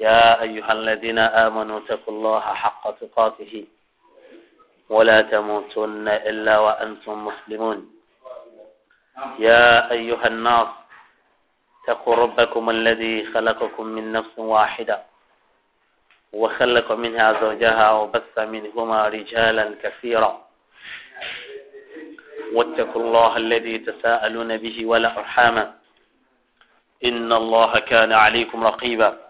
يا أيها الذين آمنوا اتقوا الله حق تقاته ولا تموتن إلا وأنتم مسلمون يا أيها الناس اتقوا ربكم الذي خلقكم من نفس واحدة وخلق منها زوجها وبث منهما رجالا كثيرا واتقوا الله الذي تساءلون به ولا أرحاما إن الله كان عليكم رقيبا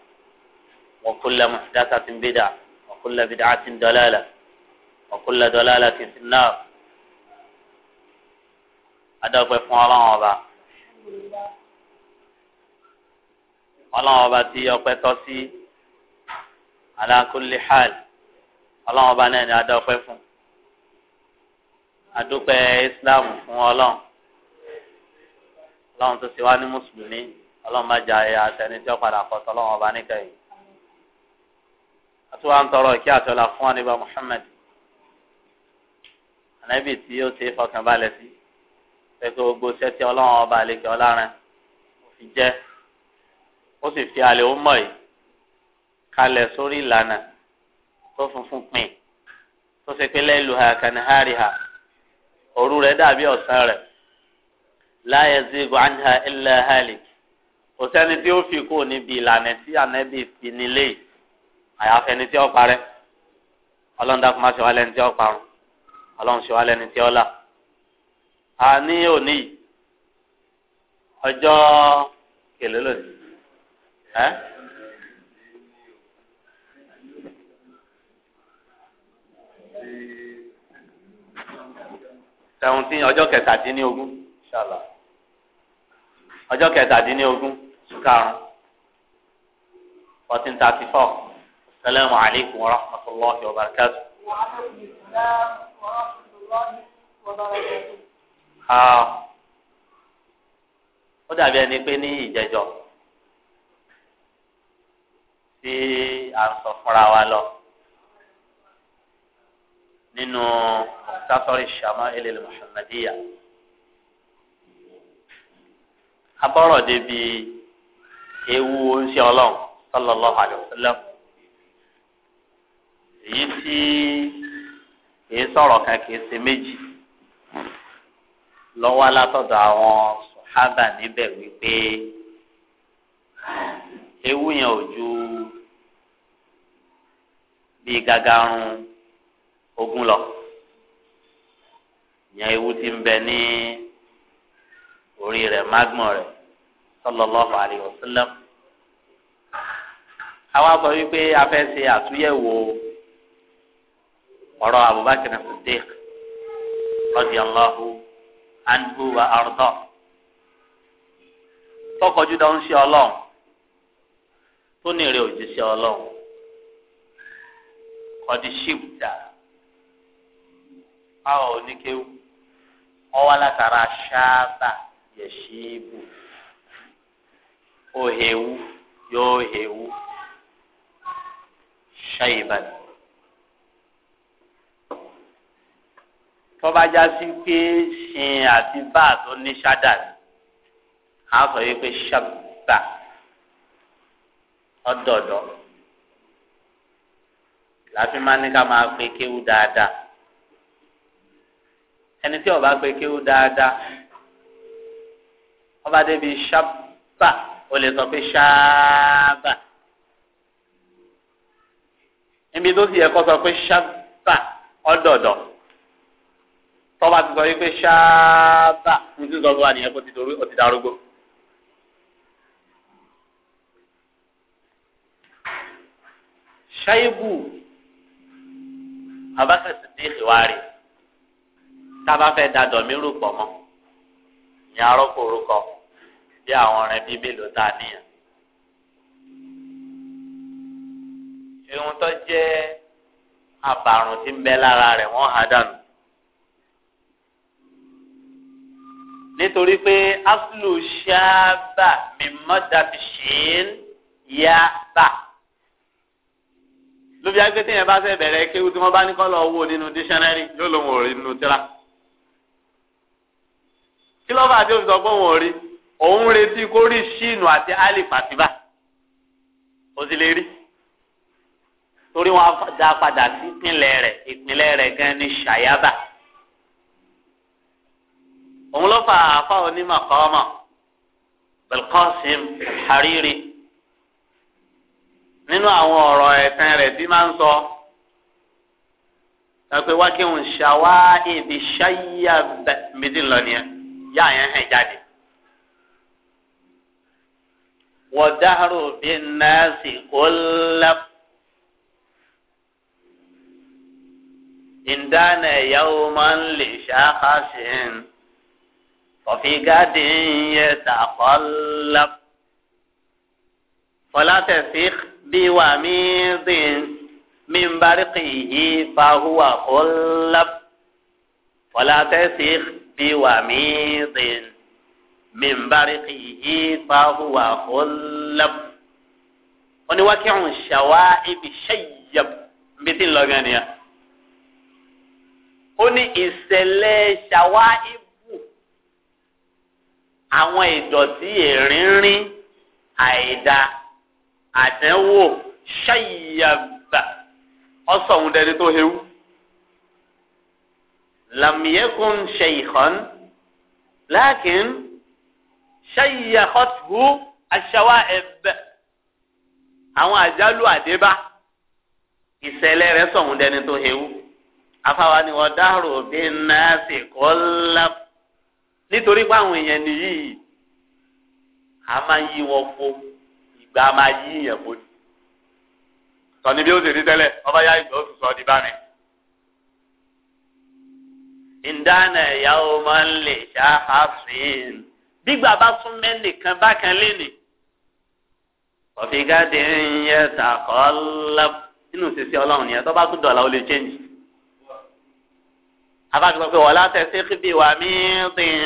وكل محدثة بدعة وكل بدعة دلالة وكل دلالة في النار adọ́pẹ́ fún ọlọ́run ọba ọlọ́run ọba tí ọpẹ́ tọ́ sí ala kulli hal ọlọ́run ọba náà ni adọ́pẹ́ fún adúpẹ́ àti wàá ń tọrọ ìkí àtọ́lá fún àníbà Muhammad ànábì tí ó ṣe é fọkàn balẹ̀ sí pẹ̀lú gbogbo iṣẹ́ tí ọlọ́run ọba àlejò ọlọ́run kò fi jẹ́ ó sì fi àlè ó mọ̀ yìí kalẹ̀ sórí ìlànà tó funfun pin tó ṣe pé lẹ́lu ha kanihari ha òru rẹ̀ dàbí ọ̀sán rẹ̀ la yazigu anha illa halik kò sẹ́ni tí ó fi kú níbi ìlànà tí ànábì fi nílé yìí. àyàfẹ́ ẹni tí ó parẹ́ ọlọ́run dákun má ṣe wá lẹ́ni tí ó parun ọlọ́run ṣe wá lẹ́ni tí ó là a ní òní ọjọ́ kèlè lónìí ẹ́ seventeen ọjọ́ kẹtàdínlógún inshallah ọjọ́ kẹtàdínlógún sùkàrún fourteen thirty four. السلام عليكم ورحمة الله وبركاته وعليكم السلام ورحمة الله وبركاته ó dàbí ẹni pé ní ìjẹjọ tí a ń sọ fúnra wa lọ nínú sásọrí ṣàmá ilẹ̀ mùsùlùmíyà abọ́rọ̀ débi ewu oúnjẹ ọlọ́run sallallahu alaihi wasallam èyí tí kìí sọ̀rọ̀ kan kìí ṣe méjì lọ́wọ́ alátọ̀dọ̀ àwọn sọ̀hábà níbẹ̀ wípé ewu yẹn ò ju bíi gagarun ogún lọ ìyẹn ewu ti ń bẹ ní orí rẹ̀ magbọ̀n rẹ̀ sallallahu alaihi wasallam àwa sọ wípé a fẹ́ ṣe àtúnyẹ̀wò. para Abu Bakar Siddiq radhiyallahu anhu wa arda to koju da unsi Allah to ni re oji si Allah ko di shibda awo ni ke o wa la tara shaba yeshibu o hewu yo tọ́ba já sí pé ṣìn àti bá tó ní ṣádà ni a sọ yìí pé ṣàbà ọ̀dọ̀ọ̀dọ̀ láti máa ní ká máa pe kéwú dáadáa ẹni tí ó bá pe kéwú dáadáa ọba débi ṣàbà ó lè sọ pé ṣàbà níbi tó ti yẹ kó sọ pé ṣàbà ọ̀dọ̀ọ̀dọ̀ tọ́ba ti sọ wípé ṣáábà ní sísọ tó wà nìyẹn kó ti dorí ọtí darúgbó. ṣáíbù abákẹ́sì ní ìwárí tábà fẹ́ da dọ̀míìrù pọ̀ mọ́ ní arọ́pò orúkọ bí àwọn ọ̀rẹ́ bíi mélòó tá a níyàn. irun tó jẹ́ àbàrùn tí ń bẹ lára rẹ̀ wọ́n há dànù. nítorí pé aslu ṣáàbà mímọ́dàbí ṣìn yá bà. lóbi agbé téèyàn bá fẹ́ bẹ̀rẹ̀ kéwú tí wọ́n bá ní kọ́ lọ wò nínú dísẹ́nẹ́rì yóò ló wọn ò rí nínú tíra. kí lọ́ba àti òfin sọ pé wọn ò rí òun retí kó rí ṣìnù àti alif àti ó sì lè rí torí wọn á padà sí ìpínlẹ̀ rẹ̀ ìpínlẹ̀ rẹ̀ gan ni ṣàyábà. òun ló fa àfa onímọ̀ kọ́mọ̀ belkosim hariri nínú àwọn ọ̀rọ̀ ẹ̀sìn rẹ̀ bí máa ń sọ ẹgbẹ́ wá kí n ṣàwá ibi ṣáyà méjì lọ nìyẹn yá yẹn hàn jáde. wọ́dáhùrù bí nẹ́ẹ̀sì kò lẹ́. ìdáná yawman li shakhsin. وفي قاد يتقلب فلا تسيخ بوميض من برقه فهو خلب ولا تسيخ بوميض من برقه فهو خلب ونوكع الشوائب شيب مثل لغانيا ó ní ìṣẹ̀lẹ̀ ṣàwáì àwọn ìdọ̀tí ìrìnrìn àìda àdánwò ṣàyàbà ọsọ òun dẹni tó hewu làmìyẹkùn ṣèyíkan lákìn ṣàyàkọtù aṣáwá ẹbẹ àwọn àjálù àdébá ìṣẹ̀lẹ̀ rẹ̀ sọ dẹni tó hewu afáwa ni wọn dárò bí nàásì kọlá nítorí pé àwọn èèyàn nìyí a máa yí wọn fo ìgbà máa yí yẹn fo sọni bí ó ṣe rí tẹ́lẹ̀ ọba yá ìgbà ó sì sọ di bá mi. ìdáná ìyàwó máa ń lè ṣá àfin bígbà bá tún mẹ́nìkan bákan léni ọ̀fìgádé ń yẹ tàkọ́ lábẹ́ nínú ìṣesí ọlọ́run yẹn tó bá tún dọ̀la ó lè chẹ́ǹjì afáàgbọ́n pé wọ́n látẹ̀ sí kíbi wà mí tìǹ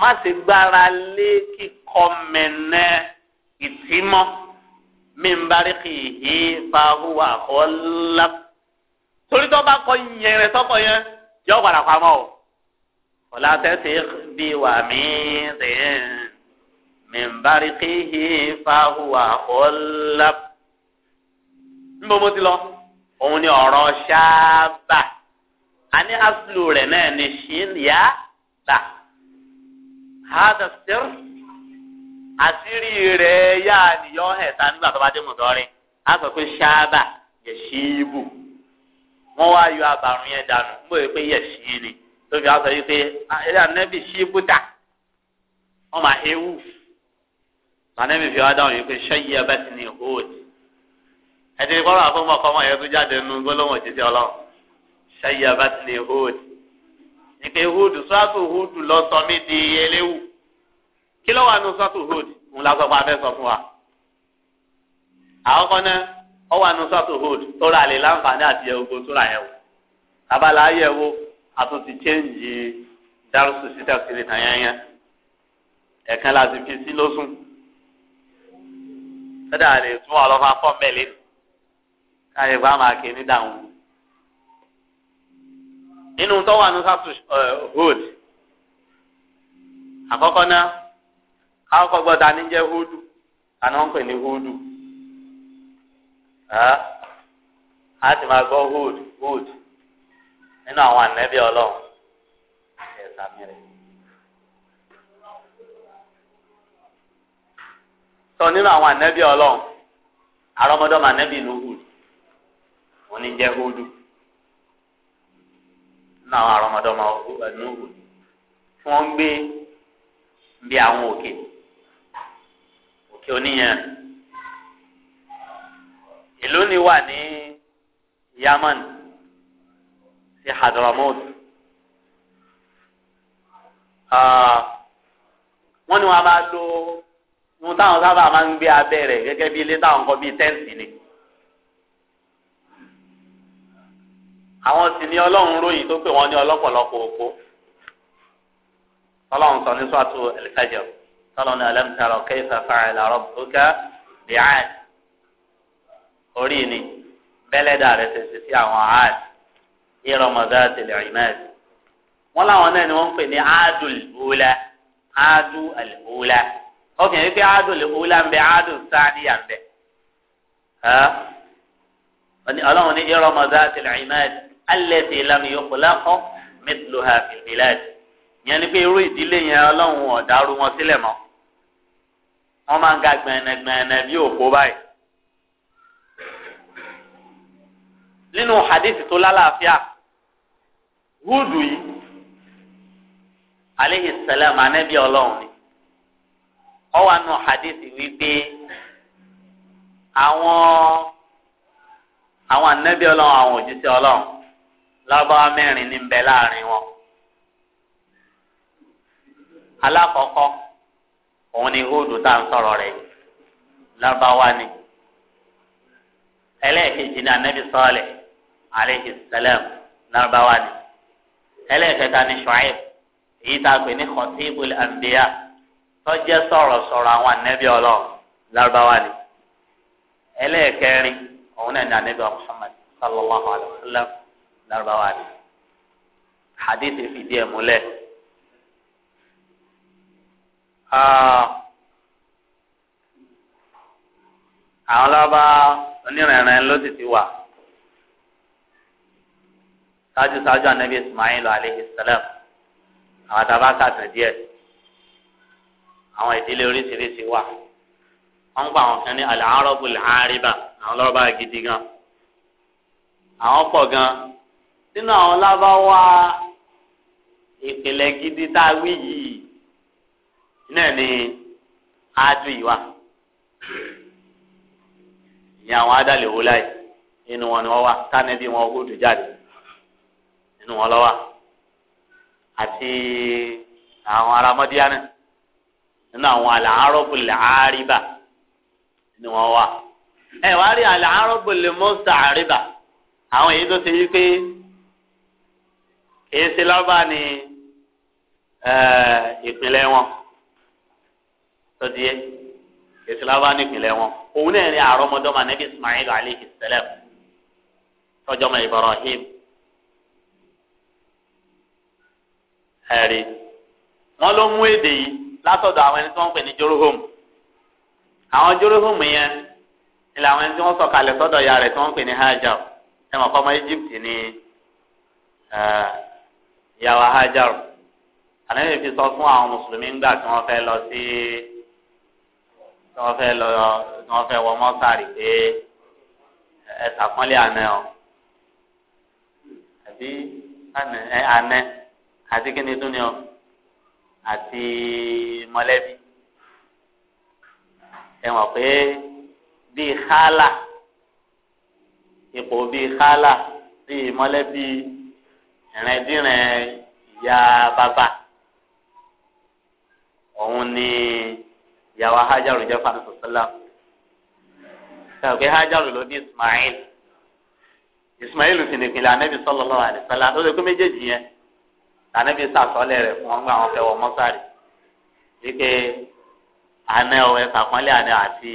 má sì gbára lé kíkọ mẹ́nẹ́ ìtìmọ́ mi ń bá rí kì í fahuwa ọ̀la. torí tó bá kọ yẹn rẹ tọkọ yẹn yọ padà pamọ́ o wọ́n látẹ̀ sí kíbi wà mí mi ń bá rí kì í fahuwa ọ̀la. ń bọ́ mo ti lọ òun ni ọ̀rọ̀ ṣáàbà àní aslu rẹ̀ náà ni ṣìn yá là hada sir àṣírí rẹ̀ yá nìyọ́ ẹ̀ta nígbà tó bá dé mọ̀dọ́rin á sọ pé ṣáàbà yẹ ṣíìbù wọ́n wá yọ àbàrùn yẹn dànù ń bọ̀ pé yẹ ṣíì ni tóbi á sọ yìí pé ilé ànábì ṣíìbù dà wọ́n máa ewu ànábì fi wá dáhùn yìí pé ṣẹ́yìí ẹ bá ti ní hóòdì ẹ̀dínlẹ́kọ́rọ̀ àfọwọ́mọ́kọ́mọ́ yẹn tó jáde nínú gbólóhùn òjijì ọlọ́run ṣayyabat li Hud nípa Hud sọ́tù Hud lọ́sọ mi di eléwu kí wà nù sọ́tù Hud ń la sọ́kọ́ abẹ́ sọ fún wa. àkọ́kọ́ náà ọ wà nù sọ́tù Hud tó ra lè láǹfààní àti ẹ̀wọ̀gbọ̀ tó ra yẹ̀ wò abala ayẹ̀ wo àtúntì chẹ́ǹjì dárúsù sí tẹ̀sílẹ̀ tàn yányá ẹ̀kan láti fi sí lọ́sùn sọ́dà lè tún ọlọ́fà fọ́ mẹ́lẹ́ni káyọ̀ bá máa ké ní nínú tó wà ní sátú uh, hood àkọ́kọ́ náà káwọ́kọ́ gbọ́dọ̀ ní jẹ́ hoodu àná ń pè ní hoodu a ti máa gbọ́ hood hood nínú àwọn ànẹ́bí ọlọ́run ẹ̀ sàmì sọ nínú àwọn ànẹ́bí ọlọ́run àrọ́mọdọ́mọ ànẹ́bí ìlú hood àwọn àrọmọdọ́mọ ẹnúhù tí wọ́n ń gbé bí àwọn òkè òkè oníyẹn ìlú ni wà ní Yaman sí Hadramaut wọ́n ní wọ́n máa lo ohun táwọn sábà máa ń gbé abẹ́ rẹ̀ gẹ́gẹ́ bí ilé táwọn kọ́ bíi tẹ́ǹtì ni. àwọn sì ní ọlọ́run ròyìn tó pè wọ́n ní ọlọ́pọ̀lọpọ̀ òkú ọlọ́run sọ ní sọ́tù ẹ̀lẹ́kàjọ tọ́lọ́ni alẹ́mùtàrọ̀ kayfa fa'ala rabbuka bi'ad orí ni bẹ́lẹ́dà rẹ̀ ṣèṣe sí àwọn àd ìrọ̀mọ̀dá tẹ̀lé ìmẹ́ẹ̀d wọ́n láwọn náà ni wọ́n ń pè ní àádùn ìhùlá àádùn ìhùlá ọkàn yìí pé àádùn ìhùlá ń bẹ àádùn sáàdìyà ń ọlọ́run ní ìrọ̀mọ̀dá tẹ̀lé ìmẹ́ẹ̀d alẹ́sẹ̀ ìlànà yòókù lákọ́ mẹ́tìlóhà fìlbìláàdì yẹn ni pé irú ìdílé yẹn ọlọ́run ọ̀dàrú wọn sílẹ̀ mọ́ wọ́n máa ń ga gbẹ̀nẹ̀gbẹ̀nẹ̀ bí òkú báyìí. nínú hadith tó lálàáfíà húdù yìí aleyhi salam anabi ọlọ́run ni ó wà nù hadith wípé àwọn àwọn anabi ọlọ́run àwọn òjíṣẹ́ ọlọ́run lábáwá mẹ́rin ní bẹ láàrin wọn. alákọ̀ọ́kọ́ òun ni hóòdù tá à ń sọ̀rọ̀ rẹ̀ lábáwá ni. ẹlẹ́ẹ̀kejì ní anabi sọ́ọ̀lẹ̀ aleyhi salam lábáwá ni. ẹlẹ́ẹ̀kẹta ní Shu'aib èyí tá a pè ní khatibul anbiya tó jẹ́ sọ̀rọ̀sọ̀rọ̀ àwọn anabi ọlọ́run lábáwá ni. ẹlẹ́ẹ̀kẹrin òun náà ní anabi Muhammad sallallahu alayhi wa sallam lárúbáwá ni hadith fìdí ẹ̀ múlẹ̀. Ah, àwọn lọ́ba onírìnrìn ló sì ti wà ṣáájú ṣáájú anabi ismail alayhi salam àwọn àtàbà kàtàn díẹ̀ àwọn ìdílé oríṣiríṣi wà wọn gba àwọn kan ní al-arabu al-ariba àwọn lọ́ba gidi gan àwọn pọ̀ gan sínú àwọn lábáwá ìpìlẹ̀ gidi tá a wí yìí náà ni ájú ìwà ìyẹn àwọn wò inú wọn ni wọ́n wọn kó dùn jáde inú wọn lọ́wọ́ àti àwọn ará nínú àwọn àlàárọ̀bù làárìbà ni wọ́n wà ẹ̀ wá rí àlàárọ̀bù lè mọ́sà àríbà àwọn èyí tó ṣe yí pé. èsì lọ́ba ni eh, ìpínlẹ̀ wọn tọ́jú yẹ èsì lọ́ba ni ìpínlẹ̀ wọn òun náà ni àrọ́mọdọ́mọ nẹ́bí Ismail aleyhi sẹlẹm tọ́jọ́mọ Ibrahim ẹ̀rí wọn ló mú èdè yìí látọ̀dọ̀ àwọn ẹni tí wọ́n ń pè ní Jorohom àwọn Jorohom yẹn ni làwọn ẹni tí wọ́n sọ̀kalẹ̀ sọ́dọ̀ ya rẹ̀ tí wọ́n ń pè ní Hajar ẹ̀ mọ̀ Egypt ni. Eh, ìyàwó hajar ànábì fi sọ fún àwọn mùsùlùmí ńgbà tí wọ́n fẹ́ lọ sí tí wọ́n fẹ́ lọ tí wọ́n fẹ́ wọ mọ́sàrì pé ẹ sàpọ́nlé àná ọ àbí àná àti kíni tún ni ọ àti mọ̀lẹ́bí ẹ mọ̀ pé bíi xaala ipò bíi xaala bíi mọ̀lẹ́bí ìrìndínrìn ya bàbá òun ni ìyàwó hajaru jẹ́ fún àdúgbò sọ́lá ṣàgbé hajaru ló ní ismail ismail sì ní ìpínlẹ̀ anabi sallallahu alaihi wasallam ló lè kó méjèèjì yẹn anabi sàtọ́lẹ̀ rẹ̀ fún wọn gba àwọn fẹ́ wọ mọ́sárì wípé anẹ́ ọ̀ ẹ̀ka pọ́nlẹ̀ anẹ́ àti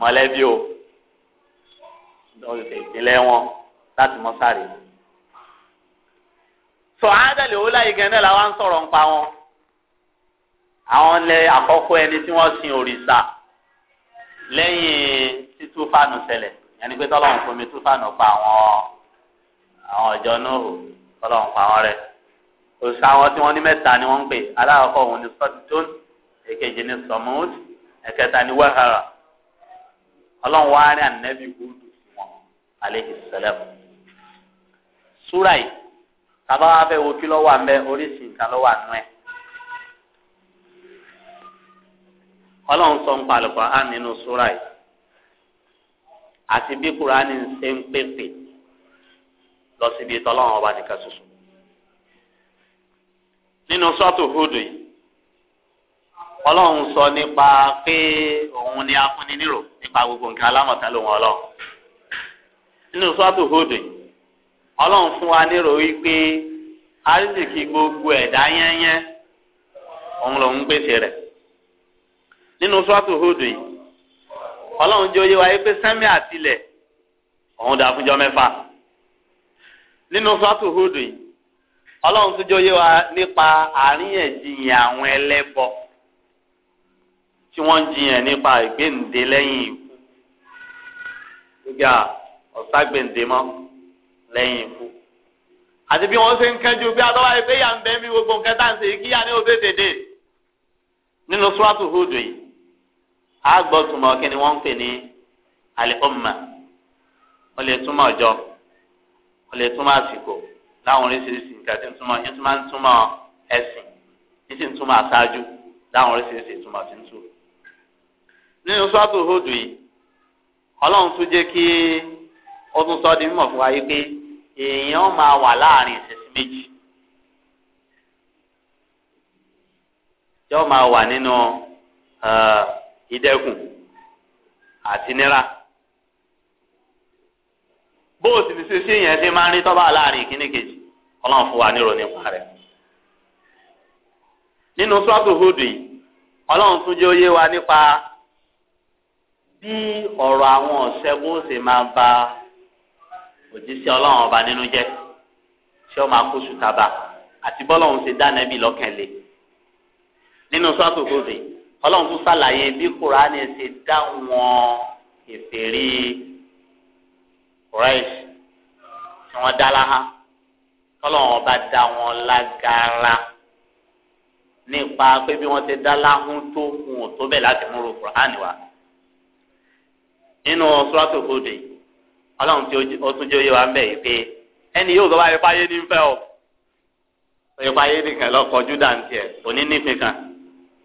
mọ̀lẹ́bí o ìpínlẹ̀ wọn láti mọ́sárì yìí sọ̀hádà lè wúlá yìí gẹ́gẹ́ làwọn ń sọ̀rọ̀ ń pa wọn. àwọn lẹ àkọ́kọ́ ẹni tí wọ́n sin òrìṣà lẹ́yìn tí túfánù ṣẹlẹ̀ ẹni pé tọ́lọ́run fún mi túfánù pa àwọn àwọn ọ̀jọ́ náà tọ́lọ́run pa wọn rẹ̀. òṣìṣẹ́ àwọn tí wọ́n ní mẹ́ta ni wọ́n ń pè aláàkọ́ ni sọ́tún èkejì ni sọ̀mùd ẹ̀kẹta ni wẹ́hàrà ọlọ́run wá rí ànẹ́bí wúdù fún wọn àlejò sẹ́lẹ̀ súrà yìí tàbá wa fẹ́ wo kí lọ́wọ́ àmẹ́ oríṣi nǹkan lọ́wọ́ àánú ẹ̀. ọlọ́run sọ ń pa Al-Qur'an nínú súra yìí àti bí Kùránì ń ṣe ń pèpè lọ síbi tọ́lọ́run ọba nìkan ṣoṣo. nínú sọ́ọ̀tù Húdù yìí òun ni afúnni nírò nípa gbogbo nǹkan alámọ̀tá lòun ọlọ́run nínú sọ́ọ̀tù Húdù yìí. ọlọ́run fún wa nírò wípé àrísìkí gbogbo ẹ̀dá yẹ́nyẹ́ òun lòún gbèsè rẹ̀ nínú sọ́ọ̀tù hódù yìí ọlọ́run jẹ́ oyé wa yìí pé sẹ́mi àtìlẹ̀ òun dà fúnjọ́ mẹ́fà nínú sọ́ọ̀tù hódù yìí ọlọ́run tún jẹ́ oyé wa nípa àríyànjiyàn àwọn ẹlẹ́bọ tí wọ́n ń jiyàn nípa ìgbéǹde lẹ́yìn ọ̀sá gbèǹde lẹ́yìn ikú àti bí wọ́n ṣe ń kẹ́jú bí adọ́wà yìí yà ń bẹ́ mi gbogbo nǹkan tá à ń ṣe kíyà ní òde dèdè nínú suratu Hudu yìí gbọ́ túmọ̀ kí ni wọ́n ń pè ní al ó lè túmọ̀ ọjọ́ ó lè túmọ̀ àsìkò láwọn oríṣiríṣi nǹkan tí ń túmọ̀ túmọ̀ ẹ̀sìn sì ń túmọ̀ àṣáájú láwọn oríṣiríṣi nínú yìí ọlọ́run tún èèyàn máa wà láàrin ìṣẹ́sí méjì yóò máa wà nínú ìdẹ́kùn àti nira bó o sì ní ṣe ṣé yẹn ṣe máa ń rí tọ́ba láàrin ìkíní kejì ọlọ́run fún wa nírò nípa rẹ̀ nínú sọ́ọ̀tù húdù ọlọ́run tún jẹ́ òye wa nípa bí ọ̀rọ̀ àwọn ọ̀ṣẹ́gun ṣe máa ba òjíṣẹ́ ọlọ́run ọba nínú jẹ́ ṣé ọ máa kó sùtàbà àti bọ́lọ́run ṣe dá nẹ́bí lọ́kànlé nínú sọ́ọ̀tù gòdè ọlọ́run tún ṣàlàyé bí kùránì ṣe dá wọn ìfèrí kùráìsì tí wọ́n dá láhá ọlọ́run ọba dá wọn lágara nípa pé bí wọ́n ti dá láhún tó wọn ò tó bẹ̀ láti múru kùránì wá nínú sọ́ọ̀tù ọlọ́run tí ó tún jẹ́ oyè yìí pé ẹni yóò sọ báyìí fáyé ní o fáyé nìkan lọ́kọ̀ júdà ń òní kan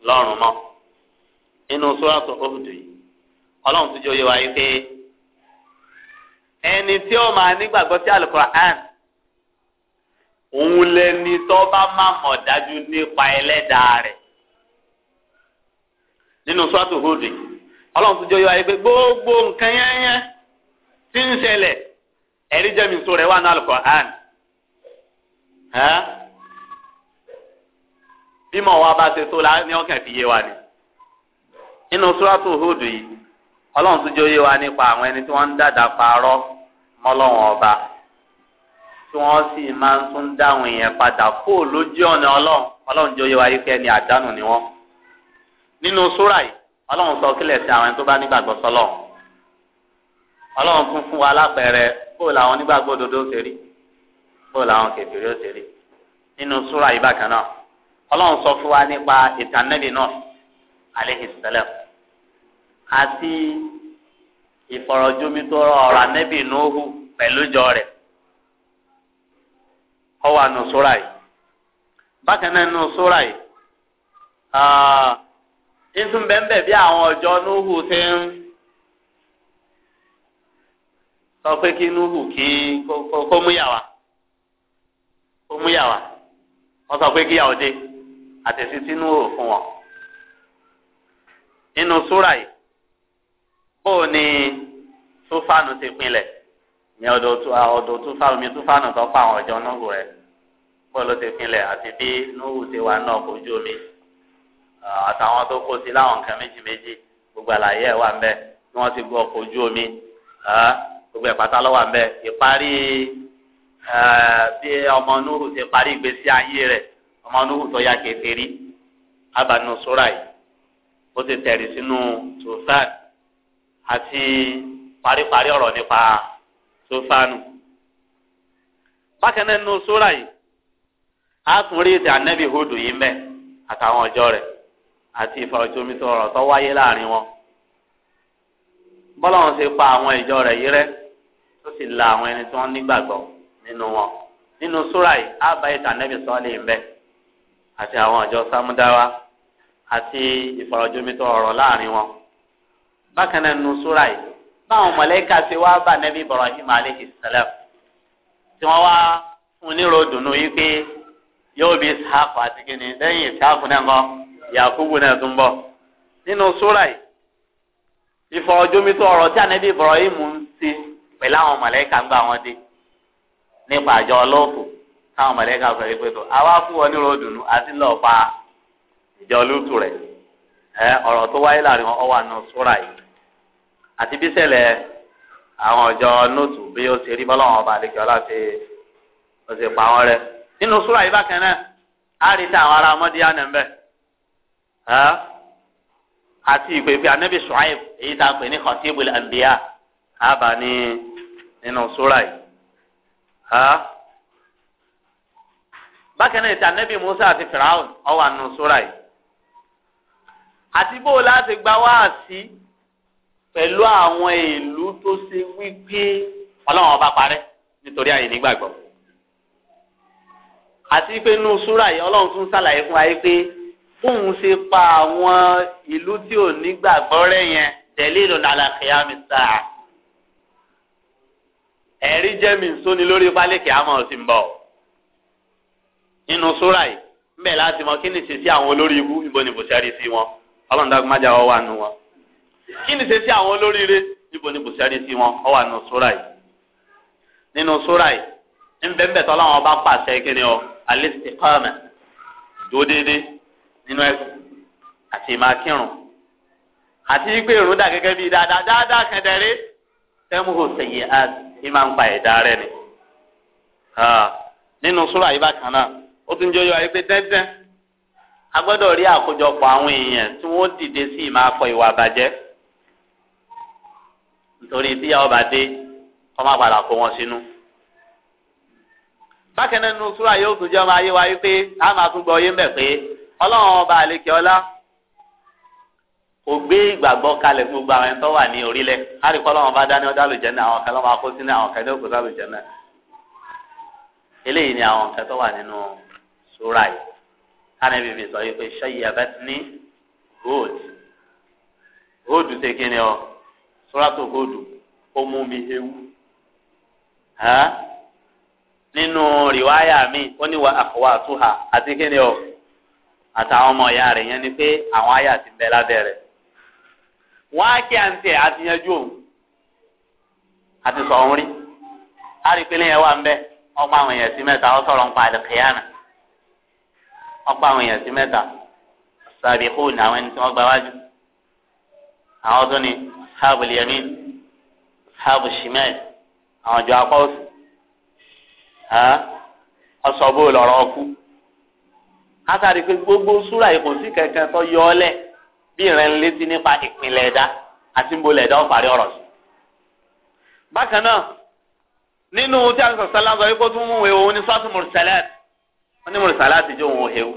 lọ́rùn mọ́ inú sóràtò yìí ọlọ́run tún jẹ́ yìí pé ẹni tí ó máa nígbàgbọ́ sí òun lẹni tó bá má mọ̀ dájú nípa ẹlẹ́dàá rẹ̀ nínú yìí ọlọ́run tún jẹ́ gbogbo nǹkan yẹn yẹn. tí ń ṣẹlẹ̀ ẹ̀rí jẹ́ mi tó rẹ̀ wà ní wa bá ṣe tó la ní ọkàn fi yé wa ni nínú Suratu Hud yìí ọlọ́run tó jẹ́ wa nípa àwọn ẹni tí wọ́n ń dàda parọ́ mọ́lọ́wọ́n ọba tí wọ́n sì máa ń tún èèyàn padà kó lójú ọ̀nà ọlọ́run ọlọ́run jẹ́ wa yìí ni àdánù ni wọ́n nínú sọ kílẹ̀ sí àwọn ẹni bá nígbàgbọ́ sọlọ́run. ọlọ́run kún fún wa lápẹẹrẹ bóò làwọn onígbàgbọ́ òdodo ṣe rí bóò làwọn ó nínú súra yìí bákan náà ọlọ́run sọ fún wa nípa ìtàn Nábì Nuh àti ọ̀rọ̀ rẹ̀ ọwọ́ súra yìí bákan náà nínú súra yìí sọ kí inú hù kí kó mú yàwá kó mú yàwá wọ́n sọ pé kíyàwó dé àtẹ̀sí sínú hù fún wọn. nínú súrà yìí bóò ni túfánù ti pinlẹ̀ ní ọ̀dọ̀ túfánù mi túfánù tó pa àwọn ọ̀jọ́ náà rẹ̀ bóò ló ti pinlẹ̀ àti bí núhù ti wà náà kojú omi àtàwọn tó kó sí láwọn nǹkan méjì gbogbo àlàyé ẹ̀ wà ń bẹ bí wọ́n ti gbọ́ kojú omi. gbogbo ẹ̀ pátá lọ́wọ́ àbẹ ìparí eh, bí ọmọ nuhu parí ayé rẹ̀ ọmọ nuhu tó ya kẹfẹ́rí abanu sora yìí ó ti tẹ̀rí sínú àti paríparí ọ̀rọ̀ nípa tòfánù bákan náà nínú sora yìí ti anabi hudu yìí mẹ́ àtàwọn ọjọ́ rẹ̀ àti tó wáyé láàrin wọn bọ́lá àwọn ìjọ rẹ̀ yìí tó sì la àwọn ẹni tí wọ́n nígbàgbọ́ nínú wọn nínú súrà yìí àbá ìtàn nẹ́bí sọ́ọ́lì ń bẹ àti àwọn ọjọ́ sámúdáwá àti ìfọ̀rọ̀jomitọ̀ ọ̀rọ̀ láàrin wọn bákan náà nínú súrà yìí báwọn mọ̀lẹ́kà ṣe wá bá nẹ́bí Ibrahim aleyhi salam tí wọ́n wá fún nírò dùnú yìí pé yóò bí Ishaq àti kìnnì lẹ́yìn Ishaq náà kan Yakubu náà tún bọ̀ nínú súrà yìí ìfọ̀rọ̀jomitọ̀ ọ̀rọ̀ tí ànẹ́bí Ibrahim ń ṣe pẹ̀lú àwọn mọ̀lẹ́kà ń gbà wọ́n dé nípa àjọ ọlọ́ọ̀fù táwọn mọ̀lẹ́kà sọ yìí pé tó àwa fún wọn nírò dùnú àti lọ́ọ̀ pa ìjọ olóòtú rẹ̀ ẹ ọ̀rọ̀ tó wáyé láàrin wọn ọwọ́ àna sóra yìí àti bí ṣẹlẹ̀ àwọn ọjọ́ nóòtù bí ó ṣe rí bọ́lọ́wọ́n ọba àlejò aláṣẹ ọ̀sẹ̀ pa wọn rẹ nínú sóra yìí bákan náà á rí tí àwọn ará ọmọdé yá nìbẹ̀ àti ìpèpè anábì Ṣuaib àbá ní nínú sóra yìí ha bákan náà ìtàn nẹ́bí Musa àti Firaun ọwọ́ àánú sóra yìí àti bó o láti gba wáàsí pẹ̀lú àwọn ìlú tó ṣe wípé ọlọ́run ọba parẹ́ nítorí àyè nígbàgbọ́ àti pé inú súrà yìí ọlọ́run tún ṣàlàyé fún wa yìí pé bóun ṣe pa àwọn ìlú tí ò nígbàgbọ́ rẹ̀ yẹn tẹ̀lé ìlú nàlàkìyàmì sáà ẹ̀rí jẹ́ mi nsóni lórí pálíkì àmọ́ ọ̀sìn ń bọ̀ nínú súrà yìí mbẹ láti mọ kí ni ṣe sí àwọn olórí ibú ibo ni bùsẹ́rì sí wọn ọlọ́run dàgbọ́n májà ọ wà nù wọn kí ni ṣe sí àwọn olóríire ibo ni bùsẹ́rì sí wọn ọ wà nù súrà yìí nínú súrà yìí nbẹ́nbẹ́ tọ́lá wọn bá pàṣẹ kíni ọ al-istiqama dúró déédéé nínú ẹ̀kọ́ àti ìmọ̀ akírun àti ìpè ìrún dà gẹ́gẹ́ bíi dáadáa dáadáa kẹ̀dẹ̀rẹ́ tẹ́muhu sèyí ad ìmà ń pa ẹ̀dá rẹ̀ ni. nínú súrà yìí bákan náà ó tún jẹ́ ya ayé pé dẹ́dẹ́ a rí àkójọpọ̀ àwọn èèyàn tí wọ́n dìde sí ìmọ̀ akọ ìwà àbàjẹ́ nítorí bí ọba dé ọmọ àpàlà kó wọn sínú. bákan náà nínú a máa tún gbọ́ yé mbẹ̀ pé ọlọ́run ọba àlekè o gbé ìgbàgbọ́ kalẹ̀ fún gbogbo àwọn ẹni tó wà ní orílẹ̀ àríkọ́ lọ́wọ́n bá dání ọjà lùjẹ́ náà àwọn kan lọ́wọ́ akó sínú àwọn kan ní òkúta lùjẹ́ náà eléyìí ni àwọn kan tó wà nínú sóra yìí sọ yìí pé ṣẹ́yìí abẹ́tíní góòdù góòdù ṣe kí ni ọ tó góòdù ó mú mi ewu nínú rìwáyà mi ó ní wa àkọwà tó àti ọ àtàwọn ọmọ ìyá yẹn ni pé àwọn àyà ti bẹ wọ́n á kí à ń tẹ̀ àtìyànjú òun àti sọ òun rí àrípínlẹ̀ yẹn wà ń bẹ́ ọgbà àwọn èèyàn sí mẹ́ta ó sọ̀rọ̀ ń pa àdìkìyànà ọgbà àwọn èèyàn sí mẹ́ta sàbíkú ní àwọn ẹni tí wọ́n gba wájú àwọn tó ní sáàbù sáàbù shimel àwọn ìjọ òsì ọsọ ọkú gbogbo yìí kò sí kankan bí ìrìn létí nípa ìpìlẹ̀ ẹ̀dá àti ń bolẹ̀ ẹ̀dá ó parí ọ̀rọ̀ sí. bákan náà nínú tí a ń sọ̀sọ́ lágbà wípé tó mú ìwé òun ní sọ́ọ̀tù mùrùsálẹ́t wọ́n ní mùrùsálẹ́t jẹ́ òun òhèwù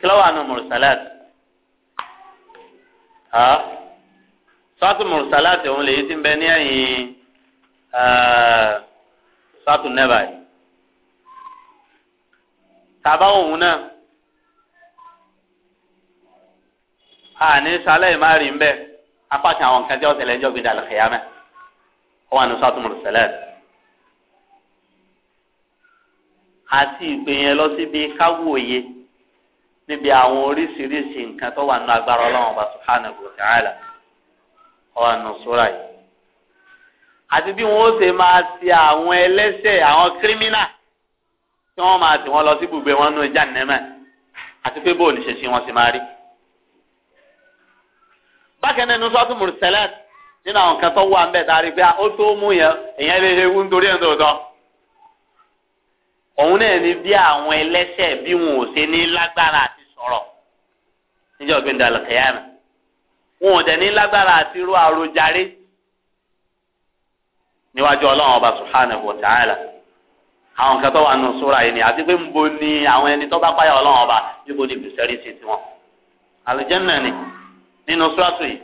kílọ̀wà nù mùrùsálẹ́t sọ́ọ̀tù mùrùsálẹ́t òun lèyí tí ń bẹ ní ẹ̀yìn sọ́ọ̀tù nẹ́bàá tàbá òun náà. àní sálẹ̀ má rí mbẹ́ apá kan àwọn nǹkan tí wọ́n ṣẹlẹ̀ ń jọ gbé dàlẹ́ kẹ̀yàmẹ́ wọn àni sọ́tún mùsùlẹ̀ àti ìgbìyànjú lọ síbi káwòye níbi àwọn oríṣiríṣi nǹkan tó wà nínú agbára ọlọ́run bá subhanahu wa ta'ala ọ̀rọ̀ nù sóra yìí àti bí wọn ó ṣe máa ti àwọn ẹlẹ́ṣẹ̀ àwọn kírímínà tí wọ́n máa tì wọ́n lọ sí ibùgbé wọn nínú ìjà àti pé bóòlù ṣe ṣe wọn sì máa rí. bákan náà nínú sọ́tún mùrùsẹ̀lẹ̀ nínú àwọn kan tó wà dárí pé ó tó mú yẹn lè nítorí òun náà ni bí àwọn bí wọn ò ṣe ní lágbára àti wọn ò ní lágbára àti ru àròjàre níwájú ọba àwọn kan tó wà nù sóra yìí ni àti ni àwọn ẹni tó bá ọba ni sí tiwọn nínú sọ́ràtù yìí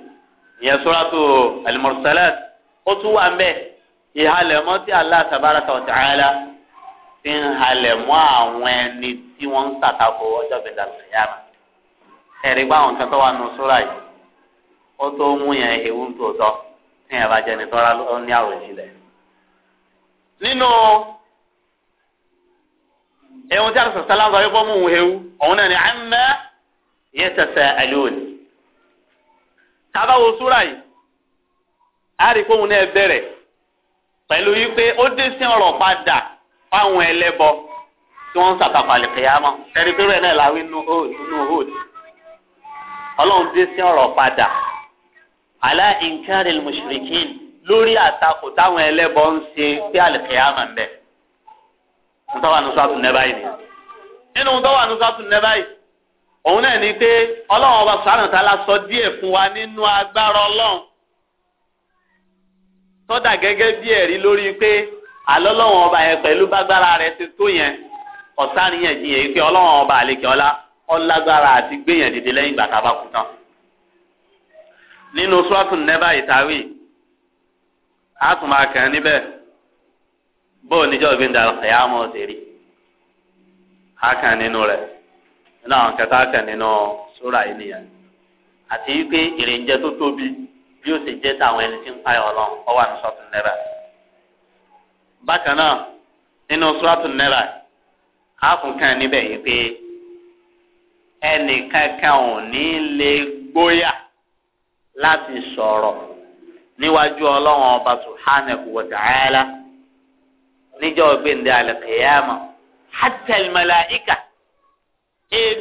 ìyẹn sọ́ràtù al-Mursalat ó tún wà mbẹ́ ìhalẹ̀ mọ́ tí Allah tabaraka wa ta'ala fi ń halẹ̀ mọ́ àwọn ẹni tí wọ́n ń sàtakò ọjọ́ bẹ̀dà lẹ́yàmà ẹ̀rí gbá àwọn kan tó wà nù sọ́rà yìí ó tó mú yẹn ewu tó tọ́ ní ìyàbàjẹ́ nìtọ́ra ní àròjì lẹ̀ nínú ẹ̀wọ̀n tí a sọ̀tà láǹzọ̀ yóò fọ́ mú òun ewu òun náà ni àmà yẹ tábà wo súrà yìí a rí kóhun náà bẹ̀rẹ̀ pẹ̀lú wípé ó dé sí ọ̀rọ̀ padà fáwọn ẹlẹ́bọ tí wọ́n ń sàtàpàlẹ̀ kìyàmọ́ ẹni pé rẹ̀ náà láwí nínú òòdì ọlọ́run dé sí ọ̀rọ̀ padà alá ìnkárì mùsùlùkìn lórí àtakò táwọn ẹlẹ́bọ ń ṣe pé àlìkìyàmọ́ ń bẹ. ń tọ́wọ́ ànúṣàtún nẹ́ báyìí nínú ń tọ́wọ́ ànúṣàtún nẹ́ báyìí. òun náà ni pé ọlọ́run ọba sàánà tá la díẹ̀ fún wa nínú agbára ọlọ́run tọ́dà gẹ́gẹ́ bí ẹ̀rí lórí pé àlọ́lọ́run ọba yẹn pẹ̀lú bágbára ti tó yẹn ọ̀sánìyàn jiyàn yìí pé ọlọ́run ọba àlekè ọlá ọlágbára àti gbéyàn dìde lẹ́yìn ìgbà tá a bá kú tán. a níbẹ̀ níjọ́ gbẹ̀ndà ẹ̀yà nínú kẹta kan nínú sóra yìí nìyẹn àti wípé ìrìnjẹ tó tóbi bí ó sì jẹ́ táwọn ẹni tí ń pa Ọlọ́run ọ wà ní sọ́tún náírà bákan náà nínú sọ́tún náírà àfùnkàn níbẹ̀ yìí pé ẹnìkankan ò ní lè gbóyà láti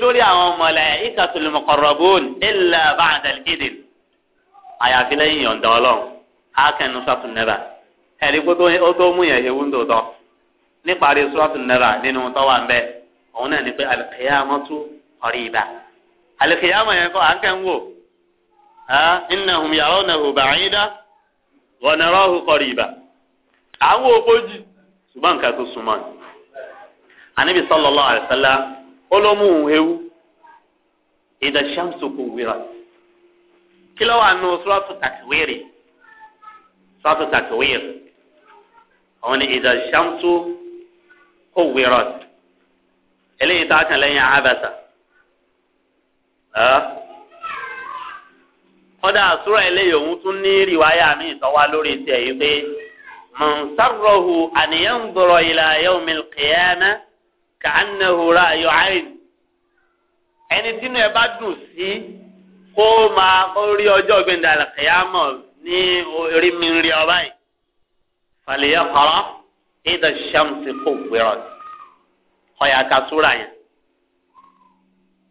lórí àwọn malaikatul muqarrabun illa ba'da al-idhn àyàfi lẹ́yìn yọ̀ǹda ọlọ́run akẹ́nu sọ́tún nẹ́rà ẹ̀rí gbogbo ó tó mú yẹn ewu ń dòdò níparí sọ́tún nẹ́rà nínú tọ́wà ń bẹ́ òun náà ní pé al-qiyamatu qariba al-qiyama yẹn kọ́ àńkẹ́ ń wò innahum yarawnahu ba'ida wa narahu qariba àwọn òpójì ṣùgbọ́n nǹkan tó súnmọ́ ni. Ànábì sallallahu alaihi O lomuu Ida ịdza shemtu kuwi rot kila ụwa nnụnụ surọtụ takwirri surọtụ takwirri onye ịdza shemtu kuwi rot olee ịta achị na lee ya agha sa a o daa surọọ ilee ya ọ wụtụ niriwa ya amị ịsa ụwa lori si ya iwue mụ sarrohu anyanwu broiler yoo milki ya kàánà òwúrọ̀ ayọ̀ àìn ẹni tínú ẹ bá dùn sí kó máa rí ọjọ́ gbẹ̀ndà àlàkìyàmọ̀ ní orí mi rí ọ báyìí fàlẹ́yà kọ́rọ́ ìdá sàmùsì kò gbérọ̀ ọ̀yà kàtúrà yẹn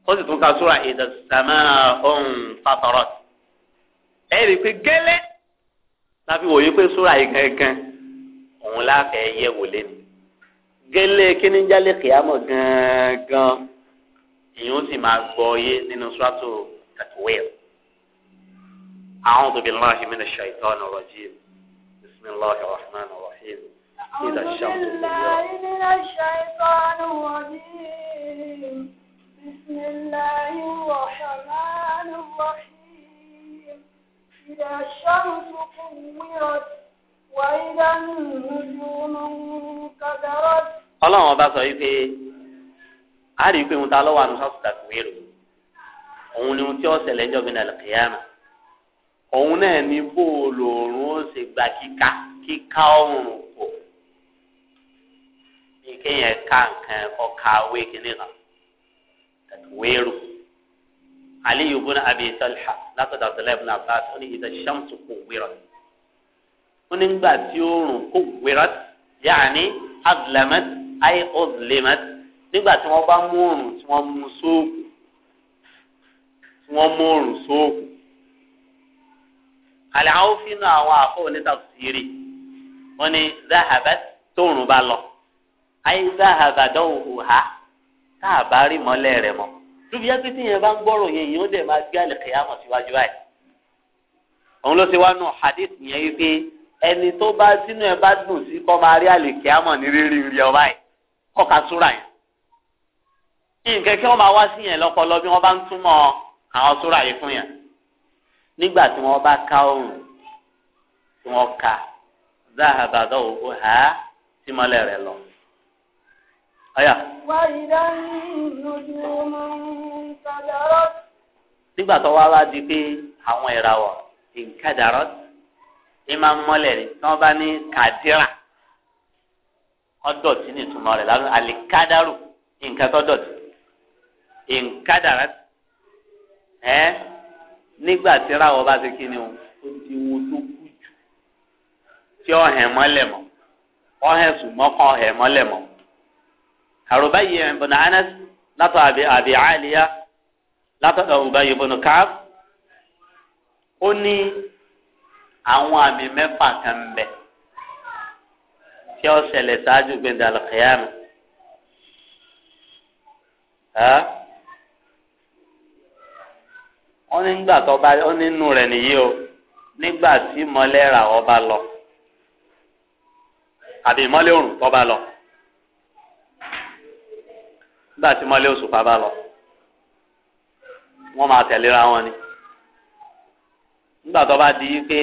ó sì tún kàtúrà ìdá sàmà ọ̀hún fàtọ̀rọ̀ ẹ pé gẹ́lẹ́ láfi wòye pé sóra yìí gangan òun láfẹ̀ẹ́ yẹ wò lẹ́nu. gẹ́lẹ́ kíní jálè kìámọ̀ gángan ìyẹn ó sì máa gbọ́ yé nínú sọ́tò tàkìwẹ́ẹ̀. أعوذ بالله من الشيطان الرجيم بسم الله الرحمن الرحيم إذا الشمس بالله من الشيطان الرجيم بسم الله الرحمن الرحيم إذا الشمس كورت وإذا النجوم انكدرت ọlọ́run ọba sọ yìí pé a rí i pé òun ta lọ́wọ́ àánú sọ́kùtà tó wérò òun ni ohun tí ó ṣẹlẹ̀ ẹjọ́ bíi nàìjíríà òun náà ní bó o lòórùn ó sì gba kíka kíka ọ̀run kò bí kéèyàn ká nǹkan ẹ̀kọ́ kàwé kínní kan tàbí wérò aliyu bin abi talha látọ̀dọ̀ abdullahi bin abbas ó ní ìdá shamsu kò wérò ó ní gbà tí ó rùn kò adlamat ayé ọ̀dùnlẹ̀mẹ́t nígbà tí wọ́n bá mú òrùn tí wọ́n mú sóòkù tí wọ́n mú òrùn sóòkù. àlẹ́ àwọn fínà àwọn àfọ onítàkùsírì wọ́n ní zahabat tóòrùn bá lọ ayé zahabadọ́ òhù ha tá a bá rí mọ́lẹ̀ rẹ̀ mọ́ lóbi yá pé tí yẹn bá ń gbọ́rọ̀ yẹn yìí ó dẹ̀ máa gbé àlẹ́ kẹ̀yàmọ̀ síwájú báyìí. òun ló ti wá nù hadith yẹn wípé ẹni tó bá sínú ẹ bá dùn sí kọ́ máa rí àlè kẹ̀yàmọ̀ ní rírí rí ọ báyìí kọ́ka súra yẹn nǹkan kí wọ́n máa wá sí yẹn lọ́pọ̀lọ́ bí wọ́n bá ń túmọ̀ àwọn súra yìí fún yẹn nígbà tí wọ́n bá ká òrùn tí wọ́n ka záhàbàdà òkú ha tí mọ́lẹ̀ rẹ̀ lọ. ọ̀yà. wáyìdá lójú ọmọ ìtajà nígbà tó wá wá di pé àwọn ìràwọ̀ ìkádàrọ́ ìmọ̀ mọ́lẹ̀ ni tí wọ́n bá ní kàdírà. ọdọ̀tí ní ìtumọ̀ rẹ̀ lánàá alikadaru nǹkan tó dọ̀tí nkadara ẹ nígbà tí ráwọ̀ bá ti kí ni o ó di wo tó kú jù tí ọ̀hẹ̀ mọ́lẹ̀ mọ́ sùn yìí anas látọ̀ àbí àbí àlìyá látọ̀ àrùbá yìí ó ní àwọn àmì mẹ́fà kí ọ ṣẹlẹ̀ ṣáájú gbẹ̀ndà àlùkìyàmù. wọ́n ní nígbà tó bá wọ́n nínú rẹ̀ nìyí o nígbà tí mọ́lẹ́ra ọba lọ àbí mọ́lẹ́ òrùn tó bá lọ nígbà tí mọ́lẹ́ òṣùpá bá lọ wọ́n máa tẹ̀léra wọn ni nígbà tó bá di pé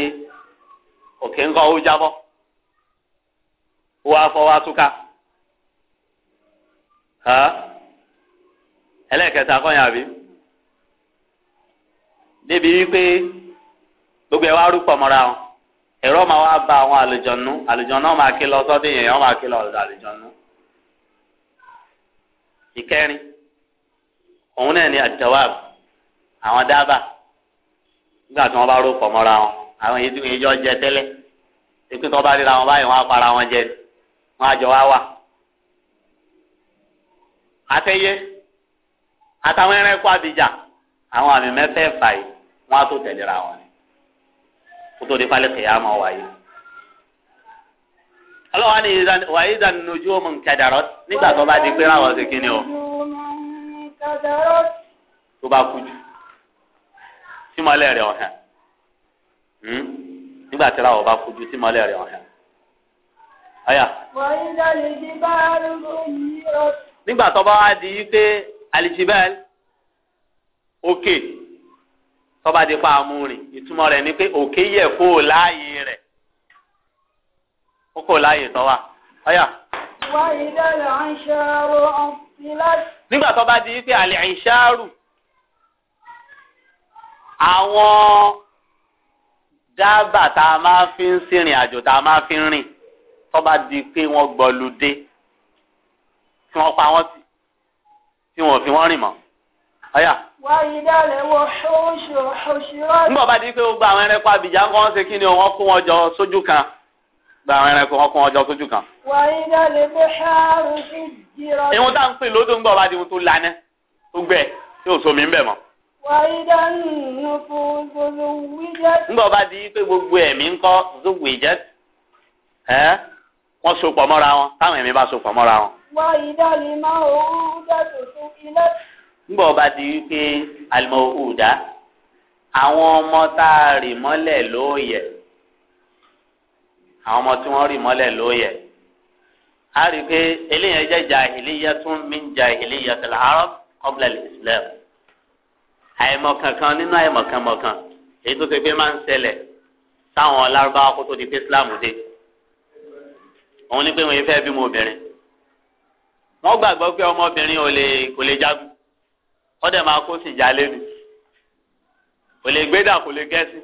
òkè ńkọ́ ó jábọ́ wọ́n afọwọ́ atúká ẹlẹ́ẹ̀kẹta kọ́yìn àbí débi wípé gbogbo ẹ̀ wá rúpọ̀ mọ́ra wọn ẹ̀rọ máa wá ba àwọn àlùjọ̀nú àlùjọ̀nú náà máa ké lọ sọ́dún yẹn wọ́n máa ké lọ ọ̀dọ̀ àlùjọ̀nú. ìkẹrin òun náà ni àjọwáàbù àwọn dábà nígbà tí wọ́n bá rúpọ̀ mọ́ra wọn àwọn èyí tí wọ́n jọ jẹ tẹ́lẹ̀ ìpín tí bá ríra wọn báyìí wọ́n á para wọn jẹ ni wọn àjọ wa wà àtẹyẹ àtàwọn ẹranko àbíjà àwọn àmì mẹ́fẹ̀ẹ̀fà yìí wọn á tó tẹ̀léra wọn ni kó tó di falẹ̀ kìyàmọ̀ wáyé ọlọ́wọ́ ni wà yí dàn nojú omi nkẹdàrọ́ nígbà tó bá di pé ráwọ̀ sí kíni o tó bá kú jù símọ́lẹ̀ rẹ̀ ọ̀hẹ́ hmm? nígbà tí ráwọ̀ bá kú jù símọ́lẹ̀ rẹ̀ ọ̀hẹ́ ọ̀yà. nígbà tó bá wá di wípé alijibel òkè tó bá di pa amúrin ìtumọ̀ rẹ̀ ni pé òkè yẹ kó o láàyè rẹ̀ ó kó o láàyè tó wà ọ̀yà. nígbà tó bá di wípé àlẹ́ ìṣàrù àwọn dábàá tá a máa fi ń sìnrìn àjò tá a máa fi ń rìn tọ́ba di pé wọ́n gbọ́lùdé tí wọ́n pa wọ́n tí wọ́n fi wọ́n rìn mọ́. ọ̀yà. wá ìdálẹ̀ wọ oṣù oṣù. nígbà bá di pé gbogbo àwọn ẹranko àbíjà ń kọ́ ṣe kí ni wọ́n kó wọn jọ sójú kan gba àwọn ẹranko wọn kó wọn jọ sójú kan. wà ìdálẹ̀ bẹ́ ṣáàrù sí jìrọ̀. ìwọ̀n tá ń pè lódò ńgbà bá di ohun tó lanẹ́ tó gbẹ tí ò sómi ńbẹ̀ mọ́. wà ìdálẹ̀ nùfọ̀ gbogbo wíjẹ́. nígbà bá di pé gbogbo ẹ̀mí ńkọ́ zogbo ìjẹ́ wọ́n so pọ̀ mọ́ra wọn táwọn ẹ̀mí bá so pọ̀ mọ́ra wọn. wá ìdálẹ́ máa ń dàtò fún iná. nígbà ọba di wípé àlùmọ̀ òòdà àwọn ọmọ tá a rì mọ́lẹ̀ lóòyẹ àwọn ọmọ tí wọ́n rì mọ́lẹ̀ lóòyẹ a rí i pé eléyàn jẹ́ jahiliyatun min jahiliyatil arab qabla al-islam àìmọ̀kàn kan nínú àìmọ̀kànmọ̀kàn èyí tó ṣe pé máa ń ṣẹlẹ̀ sáwọn lárúbáwá kó tó di pé islam dé òun ni pé wọ́n fẹ́ bímọ obìnrin wọ́n gbàgbọ́ pé ọmọbìnrin ò lè kò lè jagun ó dẹ̀ máa kó sìjà lẹ́nu kò lè gbédà kò lè gẹ́sì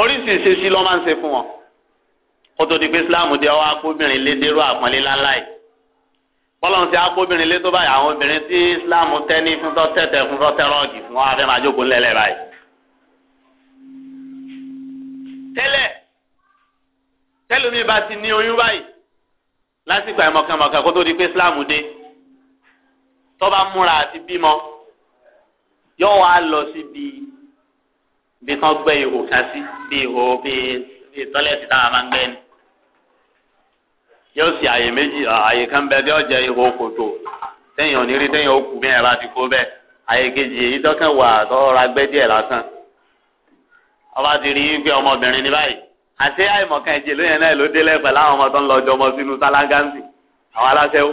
oríṣiríṣi sí lọ́ máa ń ṣe fún wọn kó tó di pé Islam dé ọwọ́ akóbìnrin lé dérò àpọ́nlé láláì bọ́lọ́n ti akóbìnrin lé tó báyìí àwọn obìnrin tí Islam tẹ́ ní fún tẹ̀tẹ̀ fún tẹ́rọ̀gì fún wọn afẹ́ máa jókòó lẹ́lẹ̀ báyìí tẹ́lẹ̀ tẹ́lómi bá ti ní oyún báyìí lásìkò àìmọ̀kànmọ̀kàn kó tó di pé Islam dé tọ́ba múra àti bímọ yóò wá lọ síbi bí kan gbẹ́ ihò kan sí bí ihò bí tọ́lẹ̀ sí táwọn máa ń gbẹ́ ni yóò sì àyè méjì àyè kan bẹ bí ọjà ihò kòtò téèyàn ní rí téèyàn ó bí ẹ bá kó bẹ́ẹ̀ àyè kejì èyí tọ́kàn wà tọ́ ra gbẹ́ díẹ̀ lásán ọba ti rí pé ọmọbìnrin ní báyìí àti àìmọ̀kan ẹ̀jẹ̀ ló yẹn náà ló délẹ̀ pẹ̀lú àwọn ọmọ tó ń lọ jọmọ sínú sálágáǹsì àwọn aláṣẹ́wó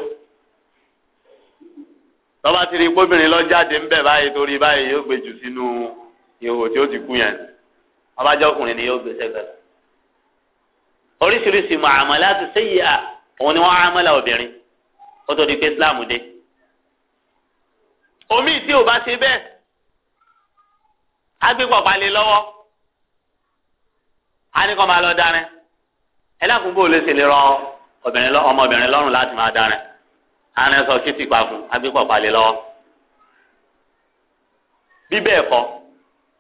tọ́ba ti rí gbóbìnrin lọ jáde ńbẹ̀ báyìí torí báyìí yóò gbé jù sínú ihò tí ó ti kú yẹn ọbàjọ́kùnrin ni yóò gbé sẹ́gbẹ̀rẹ̀ oríṣiríṣi mọ̀àmọ́lá ti sẹ́yìí à òun ni wọ́n á mọ́lá obìnrin ó tó di pé Islam dé omi tí ò bá ṣe bẹ́ẹ̀ á gbé pọ̀pá lé lọ́wọ́. a ní ma máa lọ dáná ẹ lákùn bó lè ṣe lè obìnrin lọ ọmọbìnrin lọ́rùn láti máa dáná àárín sọ kìtì pa fún agbépọ̀ palẹ̀ lọ́wọ́ bí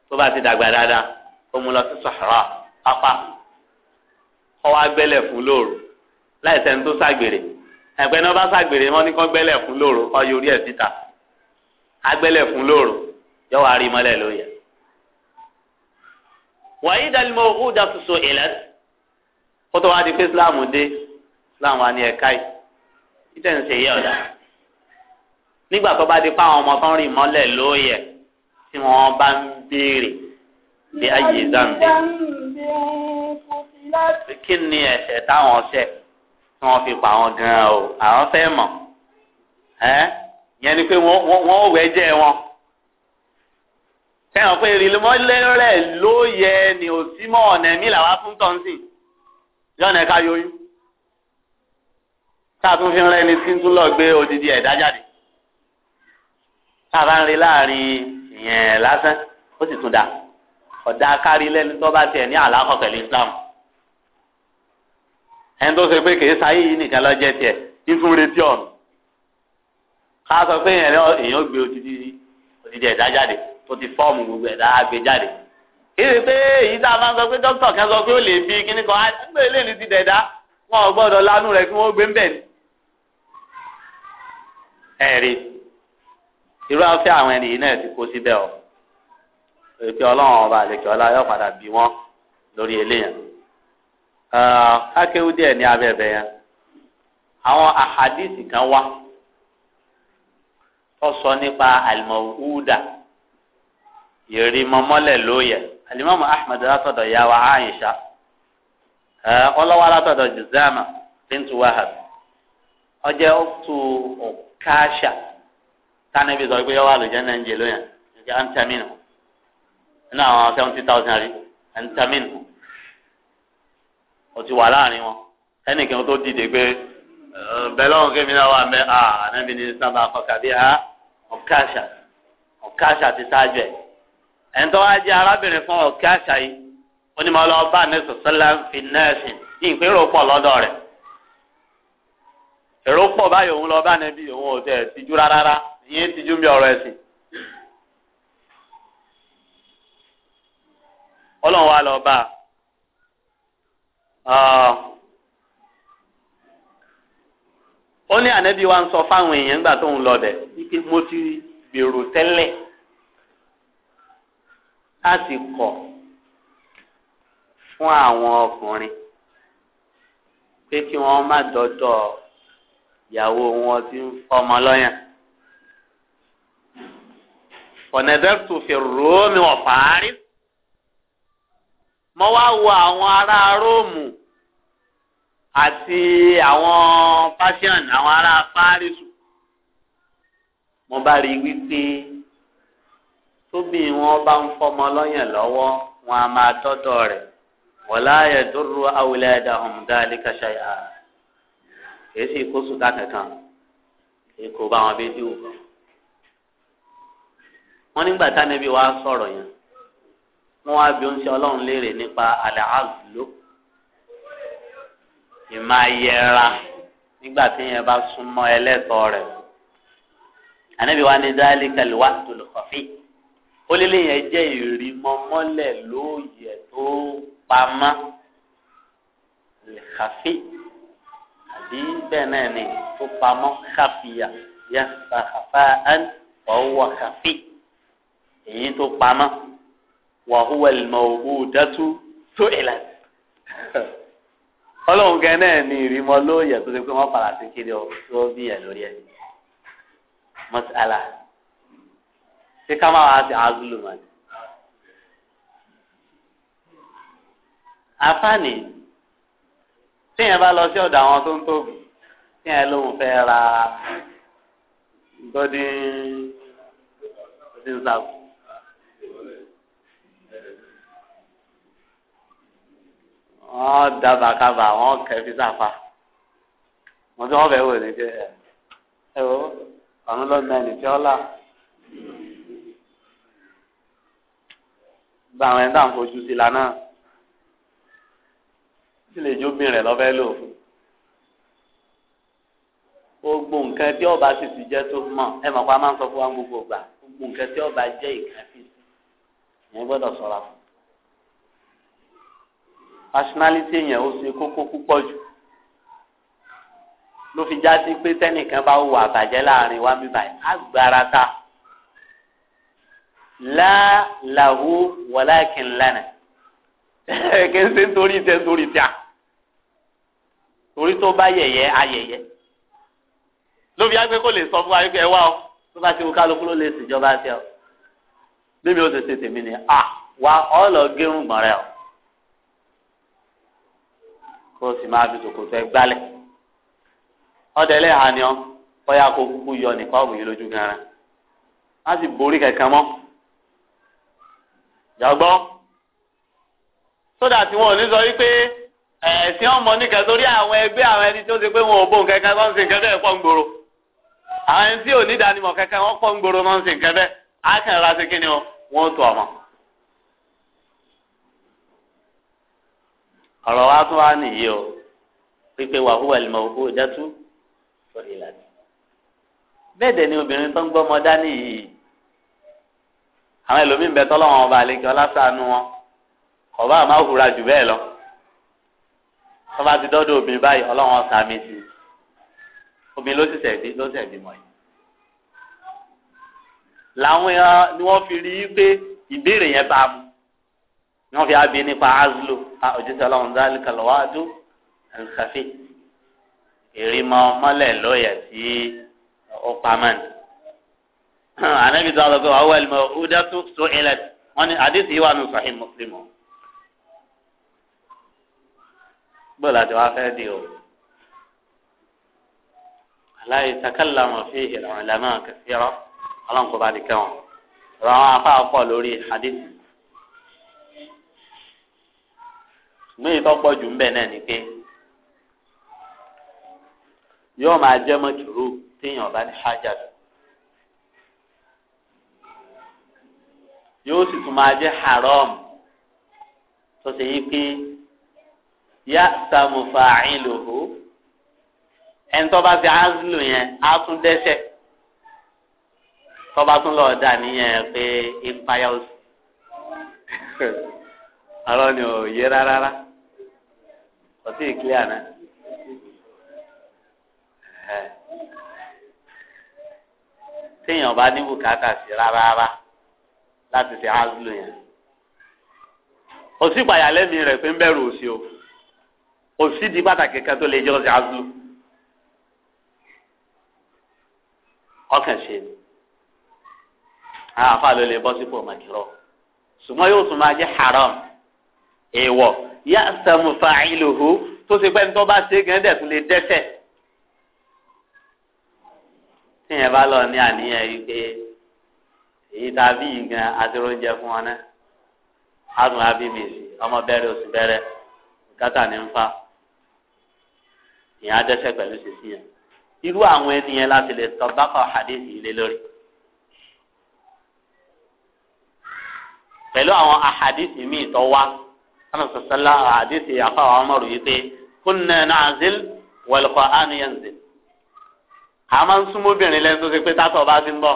tó bá ti dàgbà dáadáa ó mú lọ sí sàhárà pápá kọ́ wá gbẹ́lẹ̀ fún lóru láì sẹ́ni wàyí dalimọ̀ òkú da soso ìlẹ̀ kó tó wá di pé islam dé islam wa ni ẹ̀ka yìí ìtẹ̀ ń ṣe yẹ ọ̀dà nígbà tó bá di pa àwọn ọmọ tó ń rìn mọ́lẹ̀ lóòyẹ̀ tí wọ́n bá ń béèrè bí ayé zambi kí ni ẹ̀ṣẹ̀ táwọn ṣẹ̀ tí wọ́n fi pa àwọn gan o àwọn fẹ́ mọ̀ ẹ́ yẹn ni pé wọ́n wọ́n wẹ̀ wọn sẹ́wọ̀n pé ìrìlmọ́lẹ́rẹ̀ ló yẹ ni ò sí mọ́ ọ̀nà mi làwa fún tọ́ǹsìn yọ̀nà ká yọyún táàtún fi ń rẹ́ ni tuntun lọ gbé odidi ẹ̀dá jáde táàbá ń rí láàrin ìyẹn lásán ó sì tún dà ọ̀dà kárí lẹ́ni tó bá tiẹ̀ ní àlákọ̀ pẹ̀lú Islam ẹni tó ṣe pé kì í sáyé yìí nìkan lọ jẹ tiẹ̀ fífún retí ọ̀nà ká sọ pé èèyàn gbé odidi ẹ̀dá jáde tó ti fọ́ọ̀mù gbogbo ẹ̀dá agbèjáde kéde pé èyí tá a máa ń sọ pé dókítà kan sọ pé ó lè bí kíní kan á ti gbé eléyìí ti dẹ̀dá wọn ò gbọ́dọ̀ lánú rẹ̀ kí wọ́n gbé ń bẹ̀ ni. ẹ̀rí irú afẹ́ àwọn ẹni náà ti kó síbẹ̀ o pé ọlọ́run ọba àlekè ọlá yóò padà bí wọ́n lórí eléyàn. kákéwú díẹ̀ ní abẹ́ẹ̀bẹ́ yẹn àwọn àhàdíìsì kan wá tó sọ nípa àlùmọ̀wúdà. yèrí mọmọlẹ lóye alimami ahmed látọ̀dọ̀ wa aisha ọlọwà látọ̀dọ̀ jizama bintu wahab sọ pé jẹ lóyè ẹjẹ nínú àwọn seventy thousand rí ó ti wà láàrin wọn ẹnìkan tó dìde pé náà wà mẹ́ ah, ní sábà ti sáájú ẹ̀. ẹ̀ńtọ́ wa jẹ́ arábìnrin fún ọ̀kẹ́ àṣà yìí ó lọ bá nẹ́sù sẹ́lá ń fi nẹ́ẹ̀sì ìpín rò pọ̀ lọ́dọ̀ rẹ̀ èrò pọ̀ báyìí òun lọ bá nẹ́bí òun ò tẹ̀ tijú rárá ìyẹn tijú bí ọ̀rọ̀ ẹ̀sìn. ọlọ́run wa lọ bá wa ah. ń sọ fáwọn èèyàn nígbà tó ń lọ bẹ̀ mo ti gbèrò á sì kọ̀ fún àwọn ọkùnrin pé kí wọ́n má dọ́dọ̀ ìyàwó wọn tí ń fọmọ lọ́yàn. ọ̀nàdẹ́tù fi róòmù ọ̀fàárí mo wá wo àwọn ará róòmù àti àwọn Persian àwọn ará fárísù mo bá rí i wípé tóbi wọn bá ń fọmọ lọ́yàn lọ́wọ́ wọn a máa tọ́tọ̀ rẹ̀ wọ́lá yadurru awladahum dhalika shay'a kìí sì kó sùtà kankan kìí kó bá wọn bí dì wò. wọ́n nígbà tánibí wa sọ̀rọ̀ yẹn wọ́n wá bí oúnjẹ ọlọ́run léèrè nípa al-azlu ìmọ̀ ayẹra nígbà tí yẹn bá súnmọ́ ẹlẹ́tọ̀ọ́ rẹ̀ ànábì wa ní dhalika al-waqtul khafi ó lé lẹ́yìn jẹ́ ìrìmọ̀mọ́lẹ̀ lóòyè tó pamọ́ lẹ́kàfé àbí bẹ́ẹ̀ náà ni tó pamọ́ kàfìyà yẹ kàfà án ọ̀wọ́ kàfé èyí tó pamọ́ wàhúwà lìmọ̀wó dátú tó ìlà ọlọ́run gan náà ni ìrìmọ̀ lóòyè tó ti pé wọ́n fara sí kiri ọ́ tó bí ẹ̀ lórí ẹ̀ mọ́sálà ṣé ká máa wá sí azulu mọ́ ni. àfààní tíyẹn bá lọ sí ọ̀dọ̀ àwọn tó ń tóbi tíyẹn lóun fẹ́ ra bọ́dí ṣínṣàkù. wọ́n dábàá kábàá wọ́n kẹ́ fi sáfà wọ́n tí wọ́n fẹ́ wò ní pé ẹ̀ ẹ̀ o ọ̀run lọ́nà ẹni tí ọ́ là. gba àwọn ẹ̀dá àfojú sí lánà tí lè jó bìnrin lọ́fẹ́ lò fún gbogbo nǹkan tí ọba sì ti jẹ́ tó mọ̀ ẹ mọ̀ pa máa ń sọ fún wa gbogbo gbà gbogbo nǹkan tí ọba jẹ́ ìkàfí yẹn gbọ́dọ̀ sọ̀ra fún personality yẹn ó ṣe kókó púpọ̀ jù ló fi já sí pé tẹ́nìkan bá wù àbàjẹ́ láàrin wa bíbáyìí á gbára ta la lahu walakin lana kẹsẹ torí tẹ torí tẹ torí tó bá yẹyẹ ayẹyẹ lóbi agbẹ kó lè sọ fún wa yìí ẹ wá o tó bá ti wù kálukú ló lè ṣèjọba tẹ o bíbi ó ti ṣe tèmi ni a wa ọ lọ gẹrun gbọ̀n o kó o sì máa fi sòkòtò ẹ gbálẹ̀ ọdẹ lẹ́hàn ni ọ bóyá kó kúkú yọ nìkan ọ̀gbìn yìí lójú gan-an má sì borí kankan mọ́ jàgbọ́ sódà tí wọn ò ní sọ wípé ẹ̀sìn ọmọ nìkan torí àwọn ẹgbẹ́ àwọn ẹni tí ó ti pé wọn ò bó nǹkan kan wọ́n ń sin nǹkan bẹ́ẹ̀ pọ̀ ń gbòòrò àwọn ẹni tí ò ní ìdánimọ̀ kankan wọ́n pọ̀ ń gbòòrò wọ́n ń sin nǹkan bẹ́ẹ̀ á kàn ra sí kíni o wọ́n tó ọmọ. ọ̀rọ̀ wa tún wá nìyí o pípé wàhúwà lè mọ òkú ìdátú sọ ìlànà bẹ́ẹ̀ dẹ̀ ni obìnrin tó ń gbọ́ ọmọ dání yìí àwọn ẹlòmíín bẹ tọ́lọ́wọ́n ọba àlekí ọlásàánú wọn ọba àmà òhùra jù bẹ́ẹ̀ lọ tọ́ba ti dọ́dọ̀ obìnrin báyìí ọlọ́wọ́n sàmì sí obìnrin ló sì sẹ̀dí ló sẹ̀dí mọ́ yìí. làwọn èèyàn ni wọ́n fi rí i pé ìbéèrè yẹn bá mu ni wọ́n fi ábí nípa azlo òjíṣẹ́ ọlọ́run dálí kàlọ́wádú ẹ̀ǹkàfé èrè mọ́ mọ́lẹ̀ lọ́ọ̀yà sí ọ̀pamọ́ni anabi sọ àlọ́ pé wà á wà lùmọ̀ ọ̀dà tó so ilẹ̀ wọn ni àdìsí yìí wà nù sọ̀hìn mùsùlùmù. bọ́ọ̀lù àti wàá fẹ́ di o. aláì takàlà mọ̀ fi ìlànà ìlànà kẹsìrọ̀ ọlọ́run kò bá di kẹ́wọ̀n. ọ̀rọ̀ àwọn afá pọ̀ lórí àdìsí. ṣùgbọ́n ìtọ́ pọ̀ jù ń bẹ̀ náà ni pé yóò máa jẹ́ mọ́ jùlọ téèyàn bá ní hájà tó. yóò sì tún máa jẹ́ haram tó ṣe yí pé yá sàmùfà àìlòhó ẹni tó bá fi áńsìlò yẹn á tún dẹ́sẹ̀ tó bá tún lọ́ọ́ dà níyẹn pé ìpayà oṣù ọ̀rọ̀ ni ò yé rárá kò sí ìkílẹ̀ àná. téèyàn bá ní bùkátà sí rárá rárá láti ṣe áàzùlù yẹn òsì gbàyàlẹ́mì rẹ̀ pé ń bẹ̀rù òsì o òsì di pàtàkì kan tó lè jẹ́ ọ̀sẹ̀ áàzùlù ọkàn ṣe ni àwọn afa ló lè bọ́ sípò màkìrọ̀ ṣùgbọ́n yóò tún máa jẹ́ haram èèwọ̀ yá sàmù fa'iluhu tó ṣe pé ní tó bá ṣe gẹ́gẹ́ dẹ̀kun lè dẹ́ṣẹ̀ tíyẹn bá lọ ní àníyàn yìí pé èyí tá a bí yìí gan adúró ń jẹ fún wọn náà adùn abímèsì ọmọ bẹ̀rẹ̀ oṣù bẹ̀rẹ̀ gátà ní ń fa ìyẹn adẹsẹ pẹ̀lú sísí yẹn irú àwọn ẹni yẹn láti lè tọ bákọ hadith yìí lé lórí pẹ̀lú àwọn ahadith míì tó wá sanu sasala ahadith afa ọmọrù yìí pé kunna na'zil wal Qur'an yanzil àmọ́ nsúmọ́bìnrin lẹ́nu tó ṣe pé tátọ̀ bá ti ń bọ̀.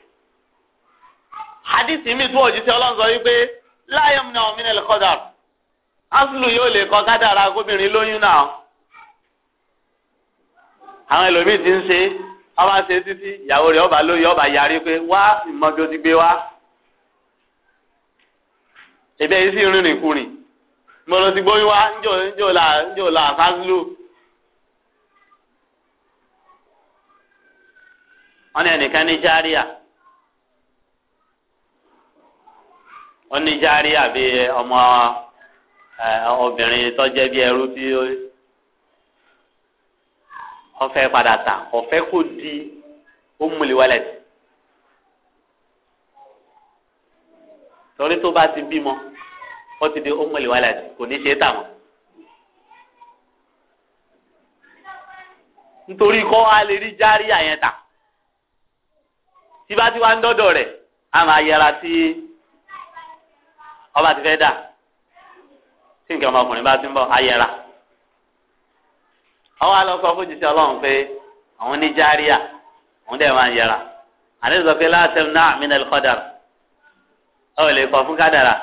hadisi mi tún òjíṣẹ́ ọlọ́run sọ wípé láyọ̀m náà mínà lè kọ́dà asùlù yóò lè kọ́ kádàrà gómìnrin lóyún náà àwọn ẹlòmíì ti ń ṣe ọba ṣe títí ìyàwó ọba lóyún ọba yarí pé wá ìmọ̀jọ ti gbé wá ìbẹ́ yìí sì rìnrìn kùnrin ti gbóyún wá ńjò ńjò Asulu wọ́n ní járí àbí ọmọ obìnrin tó jẹ́ bí ẹrú tí ó fẹ́ padà tà ọ̀fẹ́ kò di ó múlẹ̀ wálẹ̀ tì. torí tó bá ti bímọ ó ti di ó múlẹ̀ wálẹ̀ kò ní ṣe é nítorí kọ́ a lè rí járí àyẹ̀ta tí bá ti wá ń dọ́dọ̀ rẹ̀ a máa yẹra sí. Si, ọba ti fẹ́ dà tí nǹkan ọmọkùnrin bá ti ń bọ̀ ayẹra àwọn alọ́kọ̀ fojúsí ọlọ́run pé àwọn ní járíà òun dẹ̀ máa ń yẹra àdéhùn sọ pé láti náà mí nàlẹ́ kọ́dàrà ọ lè kọ́ fún kádàrà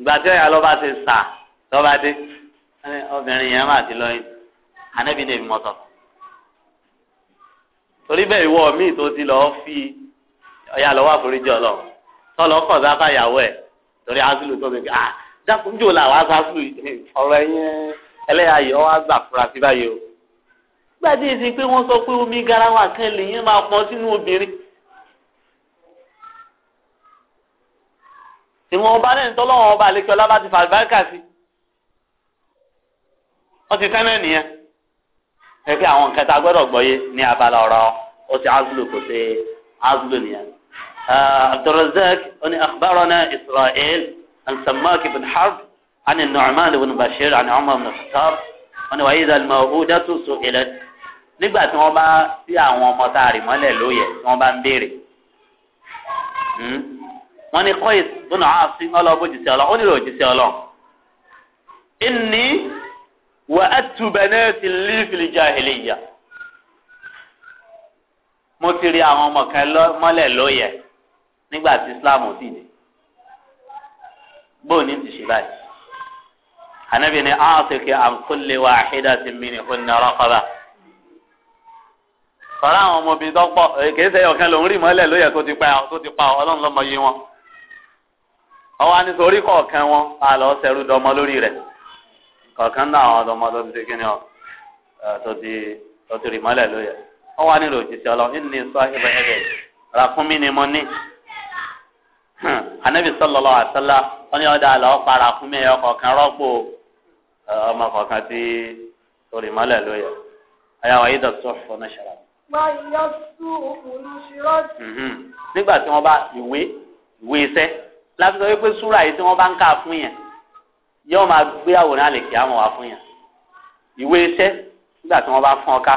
ìgbà tí ọ̀yà lọ́ba ti sà lọ́ba dé obìnrin yẹn máa ti lọ́yìn ànábì ní èmi mọ́tọ̀ torí bẹ́ẹ̀ ìwọ míì tó ti lọ́ọ́ fi ọ̀yà lọ́wọ́ àforíjì ọlọ́run tọ́lọ́ kọ̀ torí azulu tó bẹ kí ah dákúnjò la wàá sá fún ọ̀rọ̀ ẹ̀yìn ẹlẹ́yàyọ̀ wàá gbà fúra sí báyìí o. gbàdé èsì pé wọ́n sọ pé omi garawa kan lèyìn máa pọn sínú obìnrin. ìwọ̀n ọba náà ń tọ́lọ́wọ́n ọba àlekí ọlá bá ti fàlùbáríkà sí. wọ́n ti tán náà nìyẹn. ẹ pé àwọn nǹkan tá a gbọ́dọ̀ gbọ́yé ní abala ọ̀rọ̀ ó ti azulu kò ṣe azulu nìyẹn. عبد الرزاق أن أخبرنا إسرائيل عن سماك بن حرب عن النعمان بن بشير عن عمر بن الخطاب أن وإذا الموءودة سئلت nígbà tí wọ́n bá sí àwọn ọmọ tá a rì mọ́lẹ̀ lóye tí wọ́n bá ń béèrè wọ́n ní kọ́yì bùnà ààfin ọlọ́ọ̀bù jìṣẹ́ ọlọ́ọ̀ ó nílò òjìṣẹ́ ọlọ́ọ̀ inni wà á tu bẹ̀nẹ́ẹ̀tì lífìlì jahiliyya mo ti rí àwọn ọmọ kan mọ́lẹ̀ lóye nígbà tí islam ò sì dé bóun ní ti ṣe báyìí anabi ni aatike amkulle wa ahidati mini hunna raqaba fara àwọn ọmọbìnrin tó pọ̀ eh, kìí ṣe ọ̀kan lòún rí mọ́lẹ̀ lóye tó ti pa tó ti pa ọlọ́run lọ́mọ yé wọn ọwọ́ anítorí kọ̀ọ̀kan wọn a lọ sẹ́rù dọmọ lórí rẹ̀ kọ̀ọ̀kan náà àwọn ọmọ tó ti ṣe kíni ọ tó ti tó ti rí mọ́lẹ̀ lóye ọwọ́ anílò òjijì ọlọ́run ní sọ ibẹ̀ ẹ̀rẹ̀ ràkúnmí ni mo ní anabi hmm. sallallahu alaihi wasallam wọn ni ọdọ àlọ para fún mi ọkọ kan rọpò ọmọ kọ̀ọ̀kan tí orí mọlẹ ló yẹ ayáwó ayé dọtún fọnà ṣẹlẹ̀. Hmm. nígbà tí wọn bá ìwé ìwé iṣẹ́ láti sọ pé súrà yìí tí wọn bá ń kà fún yẹn yóò máa gbé àwòrán àlèkè àmọ́ wá fún yẹn ìwé iṣẹ́ nígbà tí wọn bá fún ọ ká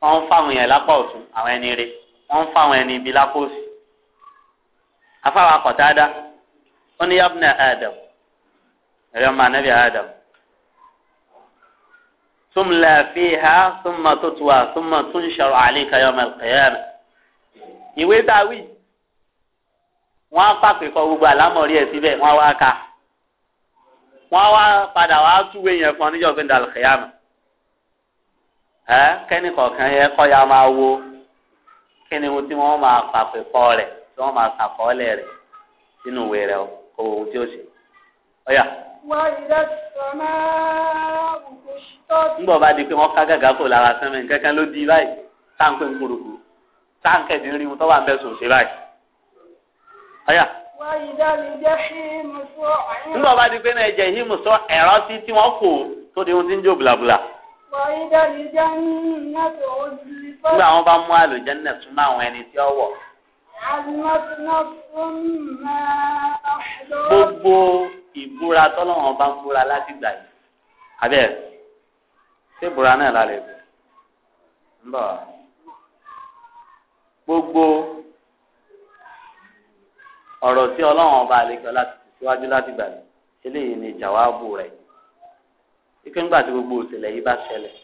wọn ń fáwọn yẹn lápá ọ̀tún àwọn ẹni rẹ wọn ń fáwọn ẹni ibi lápá òsì afáwọn akọ̀tàdá ó ní yabna adam ẹ̀rọ ọmọ anabi adam tumla fiha thumma tutwa thumma tunsharu alayka yawm al-qiyamah ìwé tá a wí wọ́n á pàpè kọ gbogbo àlámọ̀rí ẹ̀ síbẹ̀ wọ́n á wá ka wọ́n á wá padà wá túwé yẹn fún ọ níjọ́ gbé dàlùkìyàmù ẹ kẹ́ni kọ̀ọ̀kan yẹ kọ́ máa wo kíni ohun tí wọ́n máa pàpè kọ́ rẹ̀ tí wọ́n máa sàkọọ́lẹ̀ rẹ̀ sínú ìwé rẹ̀ kó ohun tí ó ṣe. ọ̀yà. wà á ìdá sọ́mà òkú ṣítọ́ọ̀tì. ńgbọ̀ bá di pé wọ́n ká gàgà kò lára sẹ́mi kẹ́kẹ́ ló di báyìí táǹpẹ̀ ń kúrukù táǹkẹ̀ tó wà ń bẹ̀ sùn báyìí. ọ̀yà. wà ìdá mi jẹ́ hímù sọ ẹ̀rọ. ńgbọ̀ bá di pé náà jẹ́ hímù sọ ẹ̀rọ sí tí wọ́n kò tó di ohun tí ń jó bùlàbùlà. wà ìdá mi jẹ́ nígbà wọn bá àwọn ẹni tí ó gbogbo ìbúra tọ́lọ́wọ́n bá ń búra láti gbà yìí abẹ́ ṣé ìbúra náà lálẹ́ bù ń bọ̀ gbogbo ọ̀rọ̀ tí ọlọ́wọ́n bá lè gbọ́ láti síwájú láti gbà yìí eléyìí ni jàwáàbù rẹ̀ ike ńgbà tí gbogbo òṣèlè yìí bá ṣẹlẹ̀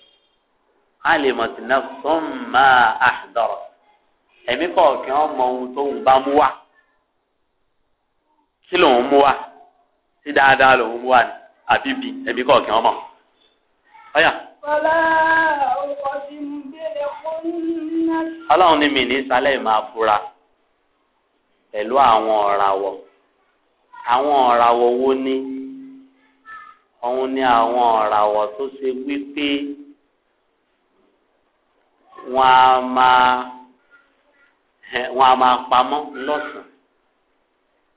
a lè mọ̀ sí náà fún máa àdọ̀rọ̀ ẹ̀mí kọ̀ọ̀kan ọmọ ohun tóun bá mú wá kí lòun mú wá sí dáadáa lòun mú wá ní àbíbí ẹ̀mí kọ̀ọ̀kan ọmọ. ọ̀yà. Fọlá ọkọ̀ ti ń bèrè fún náà. Ọlọ́run ní mi ní máa fura pẹ̀lú àwọn ọ̀ràwọ̀. Àwọn ọ̀ràwọ̀ wo ni? Òun ni àwọn ọ̀ràwọ̀ tó ṣe wípé wọ́n á máa wọn a máa pamọ́ lọ́sàn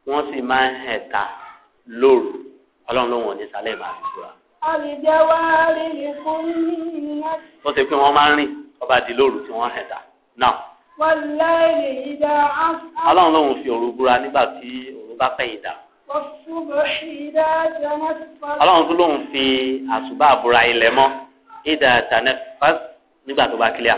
wọ́n sì máa ń hẹ̀ta lóru ọlọ́run ló wọ̀n ní sálẹ̀ máa fi tura. àlìjẹ́ wá rí ni fún mi. ó ṣe pé wọ́n máa ń rìn ọba di lóru tí wọ́n hẹ̀ta náà. wọ́n lẹ́yìn ìdá áfà. ọlọ́run lòun fi òru búra nígbà tí òru bá fẹ̀yìn dà. ọlọ́run tún lòun fi àṣùbà búra ilẹ̀ mọ́ ìdá tànẹ́fà nígbà tó bá kílíà.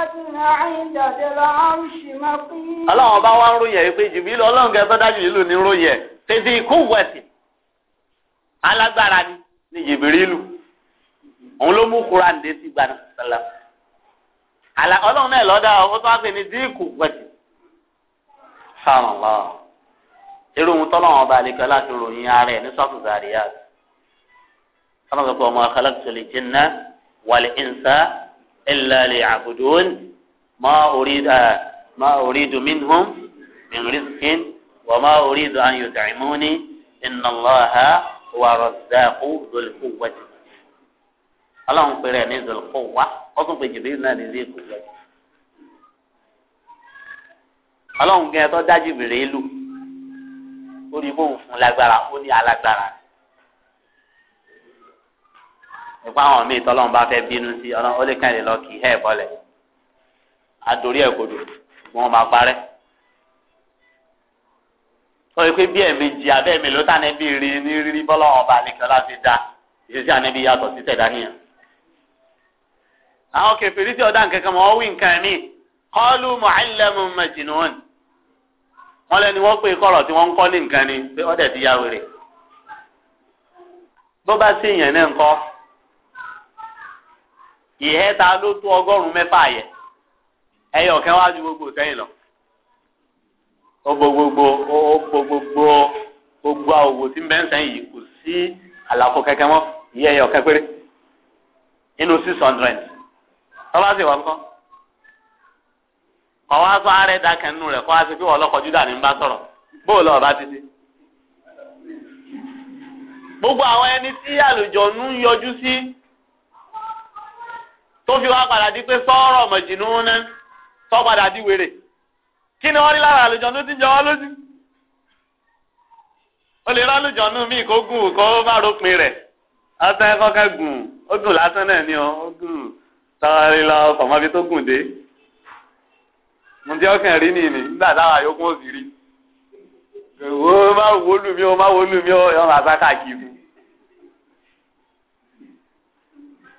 ọlọ́run bá wá ń ròyìn ẹ̀ pé jìbìlì ọlọ́run kẹ́ tó dájú ìlú ní ròyìn ẹ̀ tètè ikú wẹ̀sì alágbára ni ni jìbìrìlù òun ló mú kura ǹdẹ́ sí gbaná sọlá àlà ọlọ́run náà lọ́dà ó tó wá pè ní díìkù wẹ̀sì sàmùlọ́ irú ohun tọ́lọ́run ọba àlekọ́ láti ròyìn ara ẹ̀ ní sọ́ọ̀tù zaria sọ́nà sọ illa liya'budun ma urida ma uridu minhum min rizqin wa ma uridu an yut'imuni inna Allaha huwa razzaqu dhul quwwati. ọlọ́run pèrè ní dhul quwwa ó tún pè Jibril náà ní dhul quwwati. ọlọ́run gẹ́gẹ́ tó dá Jibrilu ó ní bóun fún lágbára ó ní alágbára. nípa àwọn míì tọ́lọ́run bá fẹ́ bínú sí ọlọ́run ó lè kàn lè lọ kì í hẹ́ẹ̀ bọ́lẹ̀ àtòrí ẹ̀ kodò wọn máa parẹ́ sọ pé bí ẹ̀mejì abẹ́mi ló tà níbi rí ní rírí ọba àlekẹ́ ọlá fi dá ìṣesí àníbi yàtọ̀ sí tẹ̀dá àwọn kẹfìrí tí ọ̀dà nǹkan kan wọ́n wí nǹkan míì kọ́lù mu'allamun majnun wọ́n lẹ́ni wọ́n pé kọ́rọ̀ tí wọ́n ń kọ́ ni pé ti yá wèrè bó bá sí ìyẹn náà ìhẹ́ ta ló tó ọgọ́rùn-ún mẹ́fà yẹ ẹyọ kan wá ju gbogbo sẹ́yìn lọ ó bo gbogbo ó bo gbogbo gbogbo àwòwò tí ń bẹ́ ń sẹ́yìn yìí kò sí àlàfo kẹ̀kẹ́ mọ́ ìyẹ́ ẹyọ kan péré nínú six hundred tọ́lá sì wà ń kọ́ ọwọ́ aṣọ ààrẹ dákẹ́ nínú rẹ̀ kọ́ aṣọ pé ọlọ́kọ̀ júdà ní ń bá sọ̀rọ̀ bóòlù ọ̀bá títí. gbogbo àwọn ẹni tí àlùjọ ń yọjú sí tó fi wá padà di pé sọ́ọ̀rọ̀ mọ̀jìnú náà sọ́ padà di wèrè kí ni wọ́n rí lára àlùjọ tó ti jọ wọ́n lójú o lè rá àlùjọ nù mí kó gùn kó má rópin rẹ̀ ọ̀sán ẹ̀kọ́ gùn ó gùn lásán náà ni ó gùn sọ́ọ́rí lọ fọ̀mọ́bí tó gùn dé mo ti ọkàn rí nìyí nígbà táwa yókùn ó sì rí wo má wọlú mi ó má wọlú mi ó yọ màá sá káàkiri.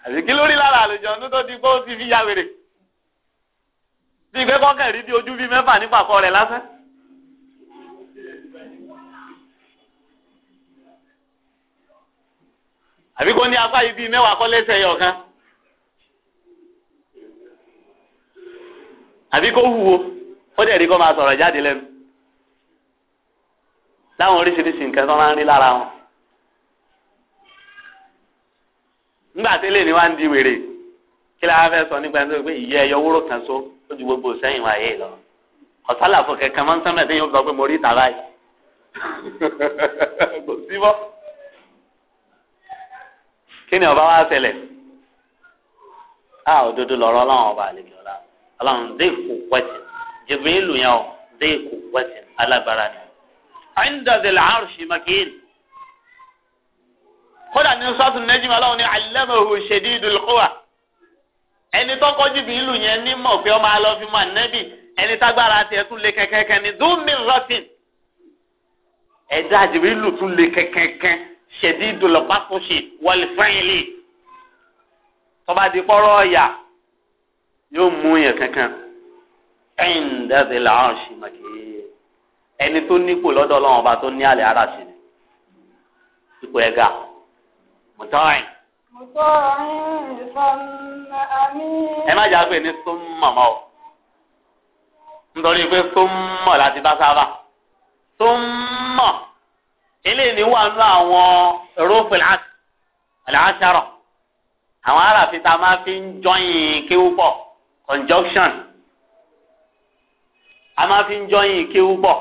àti kí lórí lára àlejò ọdún tó ti gbọ́ ó ti fi ya wèrè bí ìgbẹ́ kọ́kẹ́ rí bí ojú bí mẹ́fà nípa àkọ́ rẹ̀ lásán. àbí kò ní apá yìí bíi mẹ́wàá kọ́ lẹ́sẹ̀ yọ̀ kan àbí kò wúwo ó dẹ̀ rí kó máa sọ̀rọ̀ jáde lẹ́nu láwọn oríṣiríṣi nǹkan tó máa ń rí lára wọn. nígbà tí lè ní wá ń di wèrè kí la fẹ́ sọ nígbà tó pé ìyẹ́ ẹyọ wúrò kan so ó ju gbogbo sẹ́yìn wáyé lọ ọ̀sálà fún kẹ̀kẹ́ máa ń sẹ́mẹ̀ tí yóò sọ pé mo rí ìtara yìí kò sí bọ́ kí ni ọba wa ṣẹlẹ̀ a òdodo lọ̀rọ̀ ọlọ́run ọba àlejò ọ̀la ọlọ́run dé kò pẹ́tì jìbìrì ìlú yẹn o dé kò pẹ́tì alágbára ni. àyíǹdàdìlà àrùsì màkìyìn kódà ní sọ́ọ̀tù nẹ́jìmọ̀ aláwọ̀ ni alẹ́mọ̀hù shadidul quwa ẹni tó kọjú bí ìlú yẹn ní mọ̀ pé ọmọ alọ́ fi mọ ànẹ́bì ẹni tágbára tiẹ̀ tún lé kẹ́kẹ́kẹ́ ni dúnmí rọ́tìn ẹ̀dá àjẹbílù tún lé kẹ́kẹ́kẹ́ shadidul batushi wal fi'li tọ́ba di pọ́rọ́ ọ̀yà yóò mú yẹn kankan ẹ̀yìn dẹ́sẹ̀ làwọn ṣì mọ̀ kì ẹni tó mùtọ́rìn. mùtọ́rìn sọ́nà àmì. ẹ má jà pé ní súnmọ̀ mọ́ o nítorí pé súnmọ̀ láti bá sábà súnmọ̀ eléyìí ni wà nínú àwọn rúfin aláṣàrọ̀ àwọn aráàfin tá a máa fi ń jọyìn kéwú pọ̀ conjunction a máa fi ń jọyìn kéwú pọ̀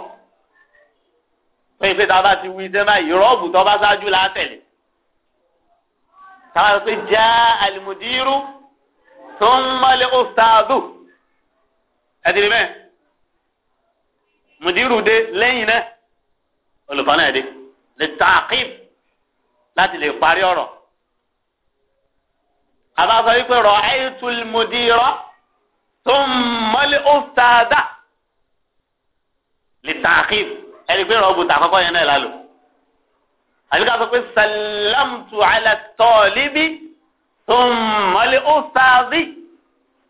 pé pé tá a bá ti wí sẹ́ńbà yìí rọ́ọ̀bù tó bá ṣáájú látẹ̀lé káwọn pé já àlùmùdírù tó ń mọ́lẹ̀ ọ̀sáàdù ẹ̀dínlẹ̀ bẹ́ẹ̀ mùdírù dé lẹ́yìn náà olùkọ́ náà dé lè tààkìb láti lè parí ọ̀rọ̀ àbáfọ wípé rọ ẹ̀ẹ́tul mùdírọ̀ tó ń mọ́lẹ̀ ọ̀sáàdà lè tààkìb ẹ̀dínlẹ̀ bẹ́ẹ̀ rọ̀ ọ̀bùtà àkọ́kọ́ yẹn náà lálọ́ àbí ká sọ pé sàlámtù àlà tọ́ọ̀lìbí tó ń mọ́lé ó sáàbí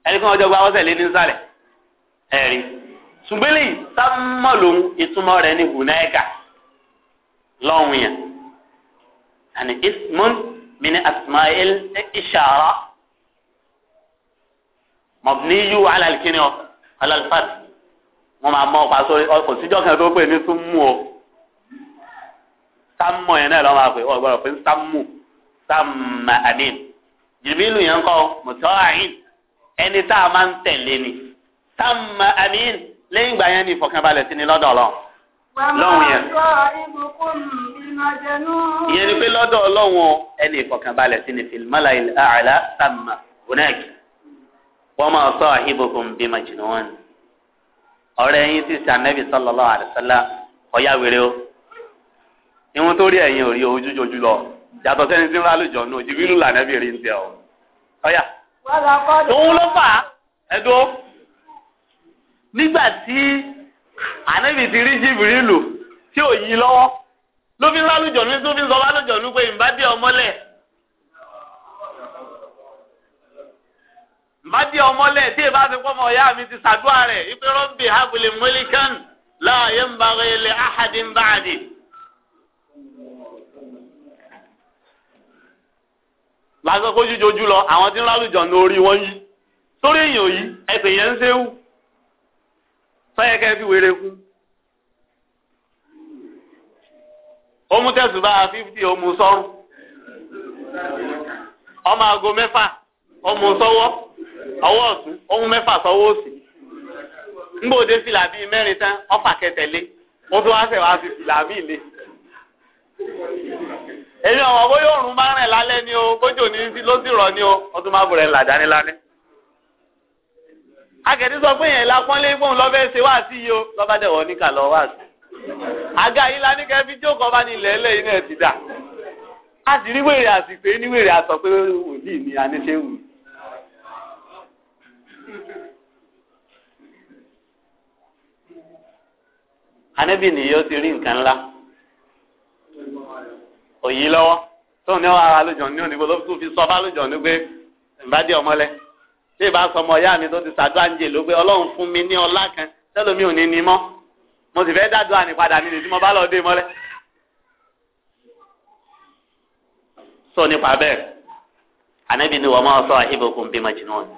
ẹni kí wọ́n jọ gba ọ̀sẹ̀ lé ní sálẹ̀ ẹ̀rí ṣùgbẹ́lì sámọ́lòun ìtumọ̀ rẹ̀ ní hùnẹ́ẹ̀kà lọ́hùn yẹn àni ismun mini asmail ishara mọ̀bìníyù alàlìkíni ọ̀ alàlìfàtì wọ́n máa mọ ọ̀pá sórí ọkọ̀ síjọ́ kan tó pè ní súnmù ọ̀ sámọ̀ yẹn náà lọ́ máa pè ọ́ gbọ́dọ̀ pé sámù sámà àmín jìbìlù yẹn kọ́ mọ̀tọ́ àyìn ẹni tá a máa ń tẹ̀lé ni sámà àmín lẹ́yìn ìgbà yẹn ni ìfọ̀kànbalẹ̀ sí ni lọ́dọ̀ ọlọ́run lọ́hùn yẹn. ìyẹn ni pé lọ́dọ̀ ọlọ́run ẹni ìfọ̀kànbalẹ̀ sí ni fìlímọ́lá àlá sámà onáàkì wọ́n máa sọ àhíbùkún bí màjìnnú wọn. ọ̀rẹ́ yín ti sàn nẹ́bí sallallahu alaihi wasallam o ìwọ̀n tó rí ẹ̀yìn òrí ojú jojú lọ yàtọ̀ sẹ́ni tí ń rà lójọ́ nù jìbìlù lànà bí rí ń tẹ ọ. ọ̀yà òun ló fà á ẹ̀dọ́ nígbà tí ànábì ti rí jìbìlù tí ò yí lọ́wọ́ ló fi ń rà lójọ́ nù tó fi ń sọ wá lójọ́ nù pé ìbá bí ọmọlẹ̀ ìbá bí ọmọlẹ̀ tí ìbá ti pọ́ mọ́ mi ti ṣàdúrà rẹ̀ ìpè rọ́bì hábùlẹ̀ mọ́líkàn láàyè ń bá rẹ̀ lẹ́ àhàdín báàdì. lásán kó jújojú lọ àwọn tí ń lálùjọ ní orí wọn yí sórí èèyàn yìí ẹsẹ̀ yẹn ń fi wéré kú. ó mú tẹ̀sùbá fífítì ó mú sọ́rùn ọmọ aago mẹ́fà ó èmi ọ̀wọ́ bóyá òòrùn bá rìn lálẹ́ ni o bójú òní ló sì rọ ni o máa bọ̀rẹ̀ làdá ní sọ pé yẹn lápọ́nlé fóun lọ́fẹ́ ṣe wá sí iye o lọ́ba dẹ̀ níkà lọ wá àga yìí ní kẹ́ fi jókòó bá ní dà. a sì wèrè àsìpé ní wèrè àsọ pé a ní ṣe wù. òyì lọ́wọ́ tó ní ọ̀hún ara lójọ́ ní onígbò ló tún fi sọ bá lójọ́ ní pé ìbádìí ọmọlẹ tí ìbá sọ ọmọ ìyá mi tó ti sàdúrà ń jè ló pé ọlọ́run fún mi ní ọlá kan tẹ́lómi ò ní ní mọ́ mo sì fẹ́ dádúrà ní padà nínú tí mo bá lọ dé mọ́lẹ́. sọ nípa bẹ́ẹ̀ anabi ni wọ́n máa sọ àhíbokùn bímọ jìnnà ọ̀nà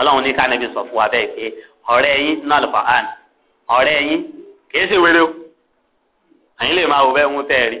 ọlọ́run ní ká anabi sọ fún wa bẹ́ẹ̀ pé ọ̀rẹ́ yín náà lọ́pàá ọ̀rẹ́ yín kì í sì wéré o àyìn lè máa wò bẹ́ẹ̀ ń tẹ́ ẹ rí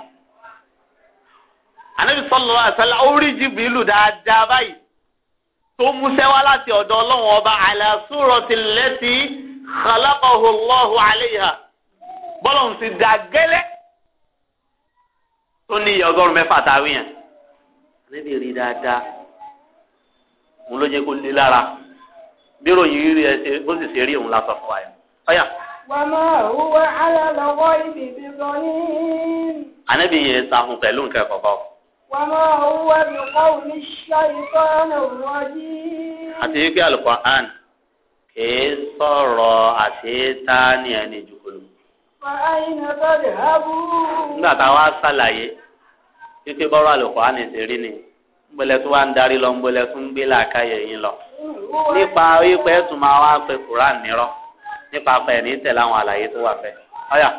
anabi sọlọ àṣàlà ó rí jìbìlù dáadáa báyìí tó múṣẹ́ wá láti ọ̀dọ̀ ọlọ́run ọba àlàsúrọ̀ ti lẹ́tì kọlákọ̀ọ́hùnlọ́hùn àléyà bọ́lọ̀hún ti dà gẹ́lẹ́ tó ní iye ọgọ́rùn-ún mẹ́fà táwí yẹn anabi rí dáadáa òun ló jẹ́ kó lé lára bí ròyìn rí ẹ ṣe bó sì ṣe rí òun la fún wa yẹn ọ̀yà. wàmọ̀ òwúwa alẹ́ lọ́wọ́ ibi bí sọ ní. anabi yẹn sahun pẹ̀lú nǹkan kọ̀ọ̀kan. وما هو بقول الشيطان الرجيم àti wípé alukur'an kìí sọ̀rọ̀ àṣetáni ẹni jùkúlù. fàáyínà a wá ṣàlàyé ni tó wá ń darí lọ ngbẹlẹ tó ń gbé làákàyè yín lọ nípa wípé ẹtùmọ̀ àwọn apẹ̀ nírọ̀ nípa ní tẹ̀lé àwọn àlàyé tó wà fẹ́. Aya.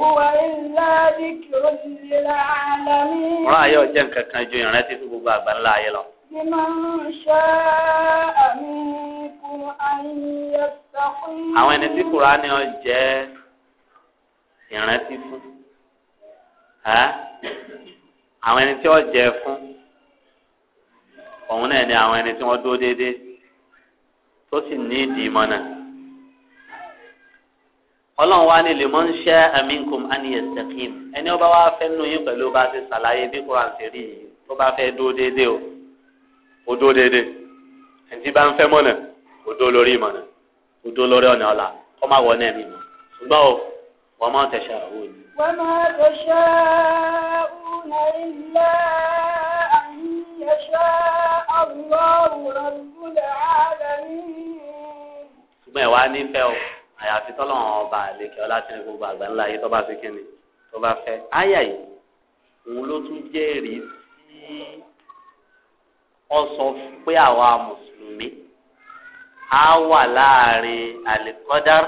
Wọ́n ayé ọjọ́ nǹkan kan ju ìrántí fún gbogbo àgbà ńlá ayé lọ. Àwọn ẹni tí Kùránì ọ jẹ́ ìrántí fún. Àwọn ẹni tí ọ jẹ fún. Òun náà ni àwọn ẹni tí wọ́n dúró déédéé tó sì ní ìdí ìmọ̀ náà ọlọ́run wa ni lemon ṣẹ́ aminkum aniyẹ sẹ́kìm ẹni ọba wa fẹ́ nù yín pẹ̀lú bá ti ṣàlàyé bí koran ṣe rí yìí tó bá fẹ́ dó déédéé o ó dó déédéé ẹni tí bá ń fẹ́ mọ̀nà ó dó lórí ìmọ̀nà ó dó lórí ọ̀nà ọ̀la kọ́ má wọ náà mọ̀ ṣùgbọ́n o wọ́n máa tẹ̀sẹ̀ àwọn òní. wọ́n máa tẹ̀sẹ̀ ọ̀nà ilé àyíyẹ̀ṣẹ́ àwòrán ṣùgbọ́n àyàfi tọ́lọ́wọ́n ọba àlekè ọlátìní gbogbo àgbà ńlá yìí tó bá fi kíni tó bá fẹ́ áyà yìí òun ló tún jẹ́rìí sí ọ sọ pé àwa mùsùlùmí á wà láàrin àlìkọ́dár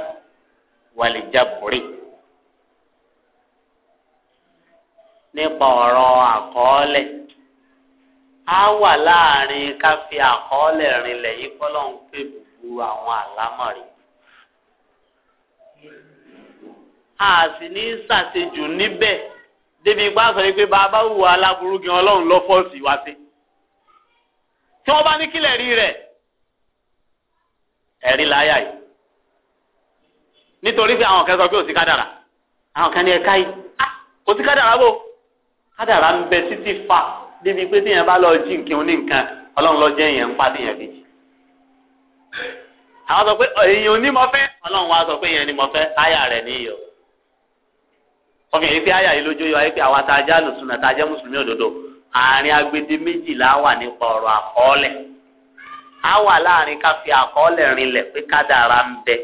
wàlìjàbùrì nípa ọ̀rọ̀ àkọọ́lẹ̀ á wà láàrin ká fi àkọọ́lẹ̀ rinlẹ̀ yìí kọ́lọ́hún pé gbogbo àwọn àlámọ̀rí. a sì ní ṣàṣejù níbẹ̀ débi ipá sọ pé bàbá hùwà aláburú gan ọlọ́run lọ fọ́ọ̀sì wá sí. tí wọ́n bá ní kílẹ̀ rí rẹ̀ ẹ̀rí láyà yìí nítorí pé àwọn kan sọ pé ó sì kádàrà àwọn kan ní ẹ̀ka yìí ó ah, sì kádàrà bò kádàrà ń bẹ títí fa débi pé téèyàn bá lọ jí nǹkan oníǹkan ọlọ́run lọ jẹ́ èèyàn ń pa téèyàn bíi àwọn sọ pé èèyàn onímọ̀fẹ́ ọlọ́run wa sọ pé èèyàn onímọ̀fẹ́ áyà rẹ̀ níyọ̀ wọ́n fi àyà yìí lójú yọ ayé pé àwọn atajá lòsùn a mùsùlùmí òdodo àárín agbede méjìlá wà nípa ọ̀rọ̀ àkọọ́lẹ̀ a wà láàrin ká fi àkọọ́lẹ̀ rinlẹ̀ pé kádàrá ń bẹ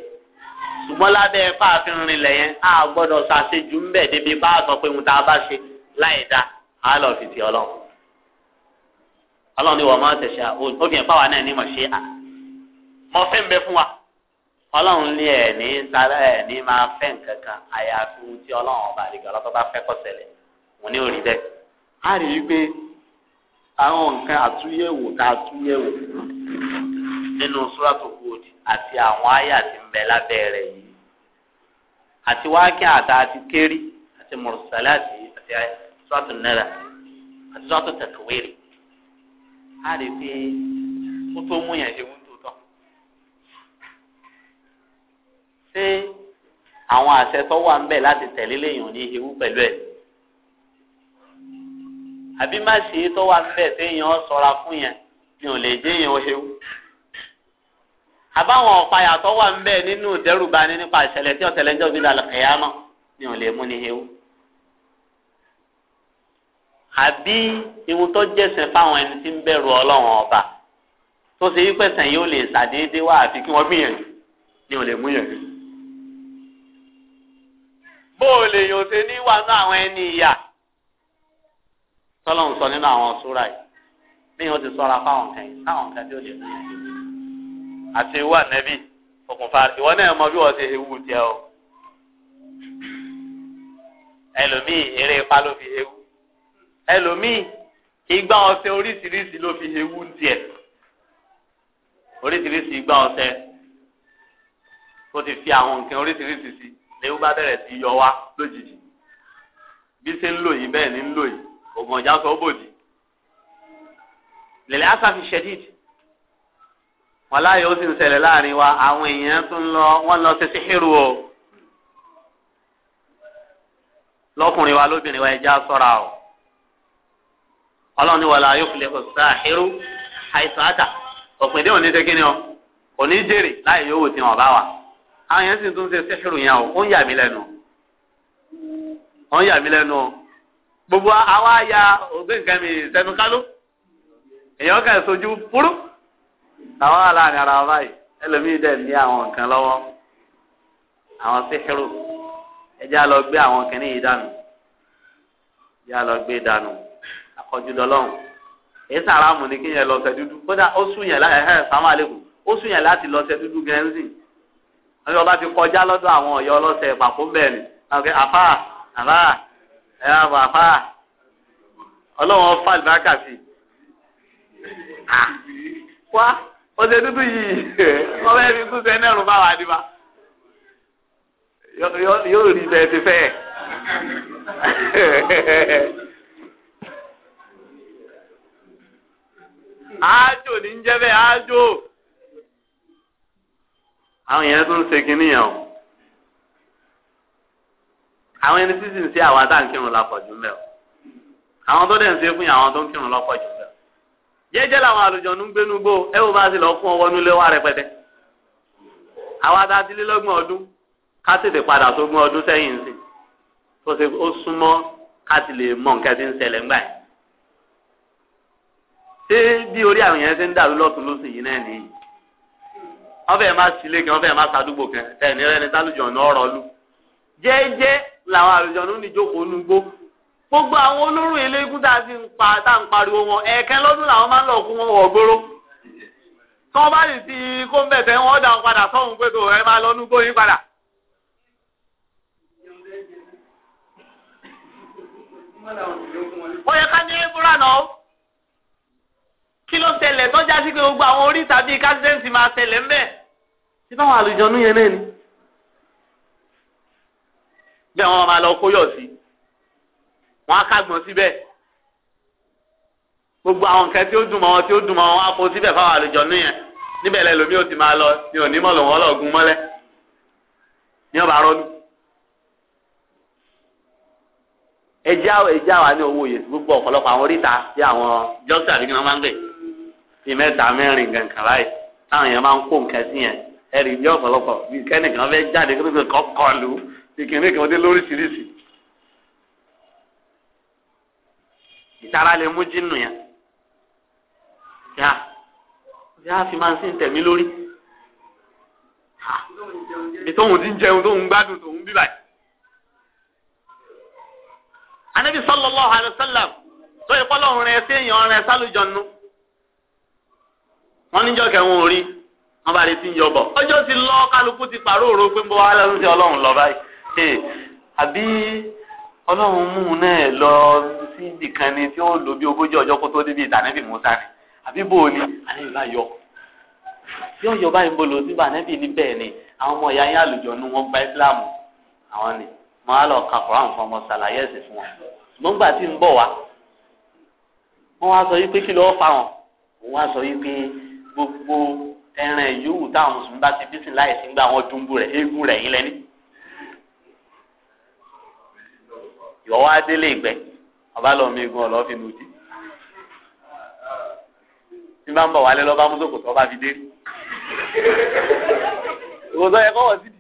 ṣùgbọ́n lábẹ́ ẹ̀fà fi yẹn ṣàṣejù ń bẹ débi bá a sọ pé ohun tá a bá ṣe láì dá a lọ fi ti ni máa ń ó fi hàn náà ní ṣe ọlọ́run lé ẹ̀ ní lára ẹ̀ ní máa fẹ́ nǹkan kan àyàfi ohun tí ọlọ́run ọba àdìgbà ọlọ́tọ́ bá fẹ́ kó ṣẹlẹ̀ wọn ní òrí bẹ́ẹ̀. a rí i pé àwọn nǹkan àtúnyẹ̀wò tá a túnyẹ̀wò nínú kúròdì àti àwọn àyà tí ń bẹ lábẹ́ rẹ̀ yìí àti àti àti àti náírà àti a rí i pé ó ṣé àwọn àṣẹ tó wà ń bẹ̀ láti tẹ̀lé léèyàn ní ewu pẹ̀lú ẹ̀ àbí má ṣe é tó wà ń bẹ̀ téèyàn sọra fún yẹn ni ò lè jẹ́ èèyàn ewu àbáwọn ọ̀páyà tó wà ń bẹ̀ nínú ìdẹ́rùbani nípa ìṣẹ̀lẹ̀ tí ọ̀tẹ̀lẹ̀ ń jọ́ gbéra lẹ́yàmọ́ ni ò lè mú ní ewu àbí ìwọ̀n tó jẹ̀sẹ̀ fáwọn ẹni tí ń bẹ̀rù ọlọ́run ọba tó ṣe yí pẹ̀sẹ̀ yóò lè ṣàdédé wá àfi kí wọ́n gbìyànjú ni ò lè mú yànjú bóò lè yàn ṣe ní wà ní àwọn ẹni ìyà tọ́lọ́hún sọ nínú àwọn súra yìí bí wọ́n ti sọ́ra fáwọn kan yìí fáwọn kan tí ó lè fún yàn àti ewu ànẹ́bí okùnfà ìwọ náà mọ bí wọ́n ṣe ewu jẹ o ẹlòmíì eré ipá ló fi ewu ẹlòmíì ìgbà ọṣẹ oríṣiríṣi ló fi ewu tiẹ̀ oríṣiríṣi ìgbà ọṣẹ ó ti fi àwọn nǹkan oríṣiríṣi sí i. léwu bá bẹ̀rẹ̀ sí yọ wá lójijì bí ṣe ń lò yìí bẹ́ẹ̀ ni ń lò yìí oògùn sọ bòdì asafi ṣẹ́díìdì wọn láàyè ó sì ń láàrin wa àwọn èèyàn tó ń lọ wọ́n lọ sí síhìrù o Lọkùnrin wa lóbìnrin wa ẹja sọ́ra o ọlọ́run ní wàlá yóò fi lè kó sáàhírù àìsàn àtà òpin dé òní ṣe ni o òní jèrè yóò wò tí wọn bá wà. àwọn yẹn sì tún ṣe síhìrù yẹn o ó ń yà mí lẹ́nu ó ń yà mí lẹ́nu o gbogbo àwa ya ògbé nǹkan mi sẹ́nu kálú èèyàn kàn sojú fúrú àwa aláàrin ara wa báyìí ẹlòmíì dẹ̀ ní àwọn nǹkan lọ́wọ́ àwọn síhìrù ẹjẹ́ á lọ gbé àwọn kìnnì yìí dànù ẹjẹ́ á lọ gbé dànù akọjú lọ́lọ́run èyí sàrámù ni kéèyàn lọ ṣe dúdú kódà ó sùn yẹn láti ẹ̀ ẹ̀ sàmú àlékún ó sùn yẹn lọ ṣe dúdú wọn yọ ti kọjá lọ́dọ̀ àwọn ọ̀yọ́ ọlọ́sẹ̀ pàkó bẹ́ẹ̀ ni àwọn àfà àfà ẹ̀ àbọ̀ àfà ọlọ́run ọ̀fà ìbáka sí wá ọ̀sẹ̀ dúdú yìí wọ́n fẹ́ẹ́ fi túnṣe nẹ́rù bá wà ní ma yóò rí bẹ́ẹ̀ ti fẹ́ ẹ̀. ájò ní ń jẹ́ bẹ́ẹ̀ ájò àwọn yẹn tó ń ṣe kínní yẹn o àwọn ẹni tí sì ń ṣe àwọn tá kírun lápọ̀jù mẹ́ àwọn tó dẹ̀ ń ṣe fún yẹn àwọn tó ń kírun lápọ̀jù mẹ́ jẹ́jẹ́ làwọn àlùjọ̀nú ń gbénu gbó ẹ wò bá sì lọ fún ọwọ́ nílé wá rẹpẹtẹ àwọn adadílélọ́gbọ̀n ọdún ká tètè padà sógún ọdún sẹ́yìn sí tó ṣe ó súnmọ́ ká ti lè mọ nǹkan tí ń ṣẹlẹ̀ ńgbà yẹn ṣé bí orí àwọn yẹn ṣe ń dàrú lọ́tún lóṣù yìí náà nìyí ọbẹ̀ má sílé kan ọbẹ̀ má sàdúgbò kan ẹni ẹni tálùjọ náà rọ lù jẹ́jẹ́ làwọn àlùjọ̀nú ní ìjókòó nu gbó gbogbo àwọn olóró eléégún tá a ti ń pa tá ń pariwo wọn lọ́dún làwọn máa ń lọ kú wọn wọ̀ gbóró bá ti kó ń bẹ̀tẹ̀ wọn dà padà sọ́hun pé kò ẹ kí ló ṣẹlẹ̀ tọ́já sí pé gbogbo àwọn orí tàbí kásídẹ́ǹtì máa ṣẹlẹ̀ ń bẹ̀ ṣé báwọn àlùjọnú yẹn náà ni. bẹ́ẹ̀ wọ́n máa lọ kóyọ̀ sí wọ́n á kágbọ́n síbẹ̀ gbogbo àwọn nǹkan tí ó dùn mọ́ wọn tí ó dùn mọ́ wọn á fo síbẹ̀ fáwọn àlùjọnú yẹn níbẹ̀ lẹ lómi ò ti máa lọ ni ò ní mọ̀ lòun ọlọ́ọ̀gùn mọ́lẹ̀ ní ọba rọ́lù. ẹja ẹja wa ní owó yẹn gbogbo ọ̀pọ̀lọpọ̀ àwọn oríta bí àwọn jọ́sí àbí máa ń gbé bíi mẹ́ta mẹ́rin kankan láì táwọn yẹn máa ń kó nǹkan sí yẹn ẹ̀rì bí ọ̀pọ̀lọpọ̀ bíi kẹ́nìkan fẹ́ jáde kí nìkan kọ́kọ́ lù ú bíi kẹ́nìkan dé lóríṣiríṣi. ìtara lè mú jínú yẹn yá yá fi máa ń sin tẹ̀mí lórí. ètò òun ti ń jẹun tó gbádùn tó ń bíbà. anabi sallallahu alaihi wasallam tó yẹ kọ́ lọ́hùn rẹ̀ sí èèyàn rẹ̀ sálùjọ́nù. wọ́n níjọ́ kẹwọn orí wọ́n bá lè ti ń yọ bọ̀ ọjọ́ ti lọ kálukú ti pàrọ̀ òru pé sí ọlọ́run lọ báyìí àbí ọlọ́run mú náà lọ sí kan ni tí ó lò bí ogójì ọjọ́ kó tó débi ìtànẹ́bì musa àbí bò ní àlẹ́ báyìí ń bẹ́ẹ̀ ni àwọn ọmọ ìyá àlùjọ ní wọn gba ìsìláàmù àwọn ni á gbogbo ẹran yòówù táwọn mùsùlùmí bá ti bísí láì sí gbà wọn dùnbù rẹ̀ eégún rẹ̀ yín lẹ́ni. ìwọ wá délé ìgbẹ́ ọba lọ mi gun ọ̀lọ́ fi nùdí. tí bá ń bọ̀ wálé lọ́ba mú sókòtò ọba fi dé. ìwòsàn yẹ kọ́wọ́ síbi.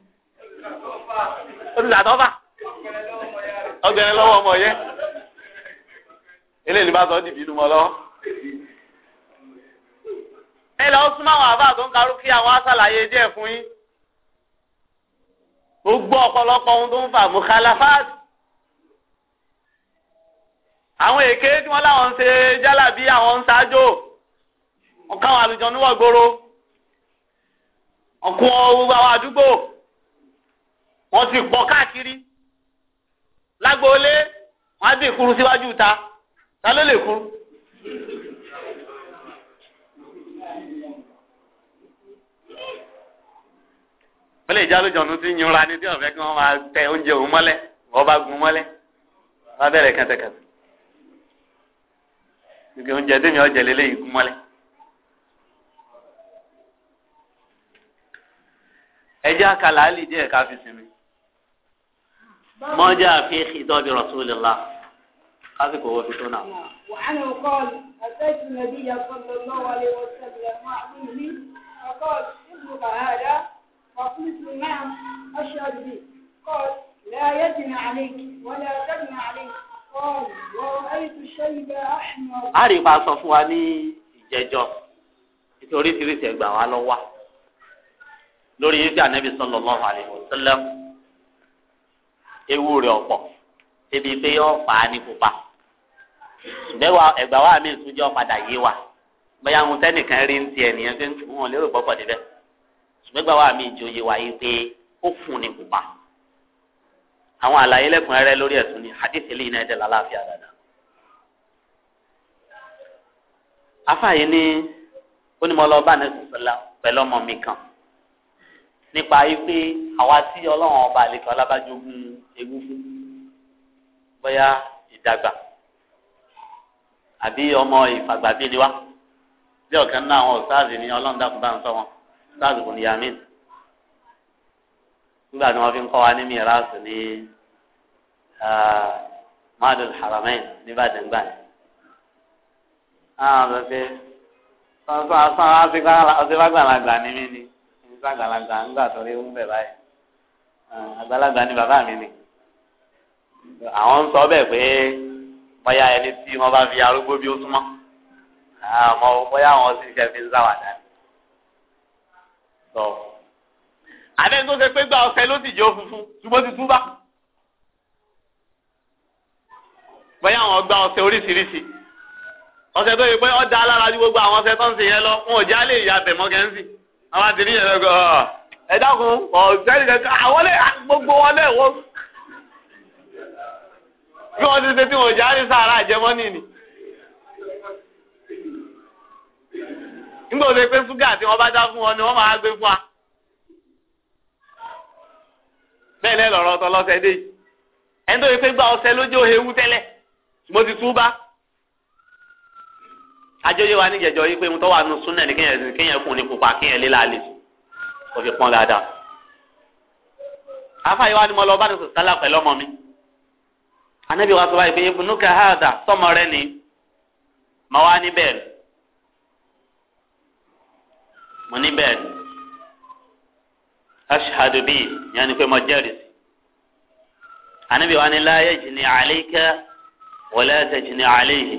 ó ti sàtọ́fà. ọgbẹ́ni lọ́wọ́ ọmọ yẹ. eléyìí bá sọ ọ́ dìbì inú mọ́ lọ́wọ́ ẹ lọ súnmọ́ àwọn àbá tó ń karú kí àwọn aṣàlàyé díẹ̀ fún yín gbogbo ọ̀pọ̀lọpọ̀ ohun tó ń fà mùkálàfáàt àwọn èké tí wọ́n láwọn ń ṣe jálàbí àwọn ń ṣáájò ọ̀kan àlùjọ níwọ̀gboro ọ̀kun gbogbo àwọn àdúgbò wọ́n ti pọ̀ káàkiri lágboolé wọ́n á dìkuru síwájú ta ta ló lè kuru. wọ́n lè jálù jọ̀nù tí yunra ni tí ọ̀fẹ́ kí wọ́n máa tẹ oúnjẹ òun mọ́lẹ̀ wọ́n bá gun mọ́lẹ̀ wọ́n bẹ̀rẹ̀ kẹ̀tẹ̀kẹ̀tẹ̀ gbogbo oúnjẹ tẹ̀mí ọ̀jẹ̀ lélẹ́yìí gun mọ́lẹ̀. ẹjẹ́ àkàlà àlì díẹ̀ ká fi sinmi mọ́jà fi ìdọ́bi rasulillah lásìkò owó fi tó náà. وعنه قال أتيت النبي صلى الله عليه وسلم مع فقال ابنك هذا وقلت نعم أشهد بي قال لا يدن عليك ولا تدن عليك قال ورأيت الشيب أحمر عارف أصف واني ججو nítorí oríṣiríṣi ẹgbà wa lọ wá lórí yìí fi ànábì sallallahu alaihi wasallam ewu rẹ̀ ọ̀pọ̀ ebi pé yọ fà á ní pupa ìbẹ́wà ẹgbà wa mi ìtújọ́ padà yé wa bóyá ń tẹ́nìkan rí ń tiẹ̀ nìyẹn pé wọn lérò pọ̀pọ̀ níbẹ̀ ṣùgbẹ́gbà wa mi ìjòyè wa yìí pé ó fún ni pupa àwọn àlàyé lẹ́kùnrẹ́rẹ́ lórí ẹ̀sùn ni hadith ilé iná ẹ̀dẹ̀ lálàáfíà dáadáa. afáàyè ni ó ní mo lọ bá nẹ́sùn pẹ̀lú ọmọ mi kan nípa yìí pé àwa tí ọlọ́run ọba àlekè ọlábàjogún egúngún bóyá ìdàgbà àbí ọmọ ìfàgbà bíi ni wá bí ọ̀kan náà àwọn ọ̀sáàzì ni ọlọ́run dákun ń sọ wọn sáàdù bùn yamin nígbà tí wọ́n fi ń kọ́ wa ní mìíràn ní madul haramain nìbàdàn gbà yẹn. àwọn ọ̀sẹ̀ pé sọ́nsọ́ asán ọ̀sẹ̀fàgbàlagbà ni mí ni ìsàgbàlagbà ń gbà sọ̀rọ̀ ewu ń bẹ̀ báyìí àgbàlagbà ni bàbá mi ni àwọn ń sọ bẹ́ẹ̀ pé bóyá ẹni tí wọ́n bá fi arúgbó bí ó súnmọ́ àmọ́ bóyá àwọn sì ṣe fi ń sáwàdà ni tọ́ àbẹ́ni tó ṣe pé gba ọ̀sẹ̀ ló sì jẹ́ funfun ṣùgbọ́n ti túbà bóyá àwọn gba ọ̀sẹ̀ oríṣiríṣi ọ̀sẹ̀ tó yẹ pé ọ̀dà alára ju gbogbo àwọn ọ̀sẹ̀ tó ń sìn yẹn lọ wọn ò já lè ya bẹ̀mọ́ kẹ́ńsì àwọn àtìrí yẹn lọ́gọ́ ẹ dákun ọ̀sẹ̀ nìkan àwọn lè gbogbo wọn lè wọ́n bí wọ́n ti ṣe tí wọn ò já lè sàárà àjẹmọ́ nìyí. nígbà wo ṣe pé ṣúgà tí wọ́n bá dá fún ọ ni wọ́n máa gbé fún wa. bẹ́ẹ̀ lẹ́ lọ́rọ̀ ọ̀tọ̀ lọ́sẹ̀ dé yìí ẹni tó yẹ pé gba ọsẹ lójú ewu tẹ́lẹ̀ mo ti tú bá. ajọyẹ wa níjẹjọ yìí pé mo tọ́ wà nù súnà ní kéèyàn kéèyàn kùn ní pupa kéèyàn lé láàlè kò fi pọ́n dáadáa. afáyé wa ni mo lọ bá ní sọ̀tálà pẹ̀lú ọmọ mi. anábìwá sọ báyìí pé ibùnúkà háàdà sọmọ rẹ ni màá wá níbẹ̀ mo ní bẹ́ẹ̀ ni ashhadu bi yẹn ni pé mo wa ni la yajni alayka wala tajni alayhi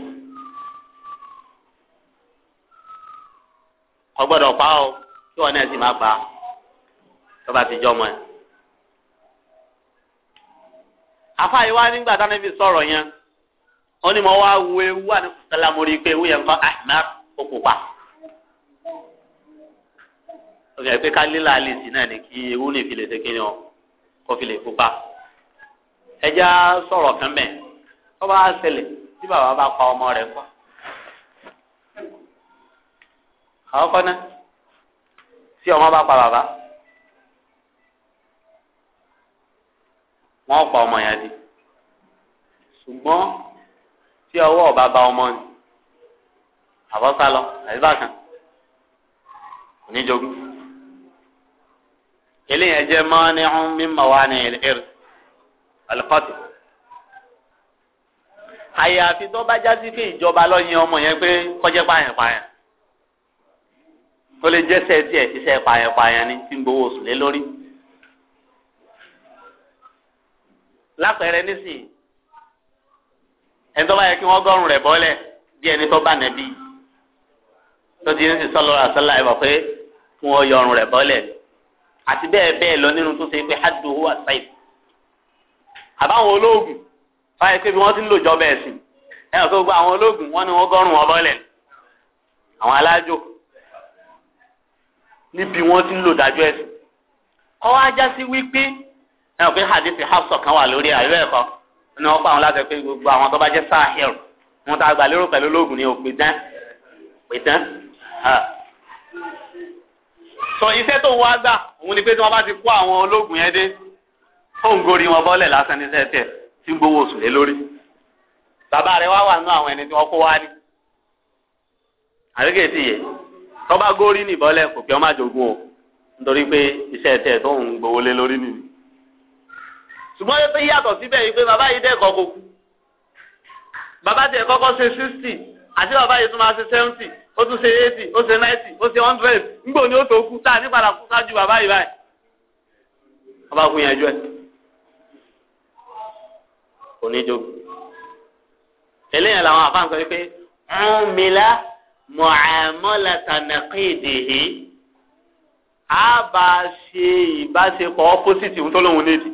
ọgbọ́dọ̀ pa ọ kí wọn náà sì má pa tó bá ti jọ ẹ afa yi wa nígbà tá a níbi sọ̀rọ̀ yẹn ó ní mo wá wo ewu àti sàlámù rí pé ewu yẹn ó fi hàn pé ká lílà àlìsí náà ni kí ewu ní ìfilè ṣe kíni ọ kó fi lè pupa ẹja sọ̀rọ̀ kan mẹ́ ọ bá ṣẹlẹ̀ tí bàbá bá pa ọmọ rẹ̀ kọ́ àwọn kọ́ náà tí ọmọ bá pa bàbá wọ́n pa ọmọ yẹn di ṣùgbọ́n tí ọwọ́ ọba bá ọmọ ni àbọ̀sálọ àyíbá kan oníjogún eléyàn jẹ́ mọ́nìún mímọ́ wa ní ìrìn alùpàtì. àyàfi tó bá jásí fún ìjọba lọ́yìn ọmọ yẹn pé kọjá pààyàn-pààyàn ó lè jẹ́sẹ̀ tiẹ̀ iṣẹ́ pààyàn-pààyàn ni tí ń gbowó oṣù lé lórí. lápẹẹrẹ nísìnyí ẹni tó bá yẹ kí wọ́n gọ́rùn rẹ̀ bọ́lẹ̀ bí ẹni tó bá nẹ́bí tó ti ń sìn sọ́lọ́ àṣálà ẹ̀ bọ̀ pé kí wọ́n yọ ọrùn rẹ̀ bọ́lẹ̀ àti bẹ́ẹ̀ bẹ́ẹ̀ lọ nínú tó ṣe pé hajj owó àtàyè àbáwọn olóògùn báyìí pé bí wọ́n ti ń lò jọ bẹ́ẹ̀ sí ẹ ọ̀ tó gba àwọn olóògùn wọn ni wọ́n gọ́rùn wọn bọ́lẹ̀ àwọn alájò níbi wọ́n ti ń lò dájọ́ ẹ̀sìn kọ́ wá já sí wípé ẹ ọ̀ pé hadithi hafsọ kan wà lórí àyọ̀ ẹ̀kọ́ ni wọ́n pa àwọn láti pé gbogbo àwọn tó bá jẹ́ sahel wọn tá a pẹ̀lú olóògùn ni ò pè tán pè tán sọ iṣẹ́ tó ń wá gbà òun ni pé tí wọ́n bá ti kó àwọn ológun yẹn dé fóun gorí wọn bọ́lẹ̀ lásán níṣẹ́ tẹ̀ tí ń gbowó oṣù lé lórí bàbá rẹ̀ wá wà nínú àwọn ẹni tí wọ́n kó wá ní. àríkè ti yẹ tó bá gorí ní ìbọ́lẹ̀ kò pé ọmọ àjogún o nítorí pé iṣẹ́ tẹ̀ tó ń gbowó lé lórí nìyí. ṣùgbọ́n yóò tó yàtọ̀ síbẹ̀ yìí pé bàbá yìí dẹ́kọ̀ kò bàbá tiẹ̀ kọ́kọ́ ṣe sixty àti bàbá yìí tún máa ṣe seventy ó tún ṣe eighty ó ṣe ninety ó ṣe hundred ńgbò ni ó tó kú táà nípadà kú sáájú bàbá yìí báyìí ọba kú yẹn jọ ẹ oníjó eléyàn làwọn àfáàn sọ pé ọmọlá mọ̀ọ́mọ́lẹ́ta nàkéèdèhé á bá a ṣe ìbáṣepọ̀ opposite tó lóun nídìí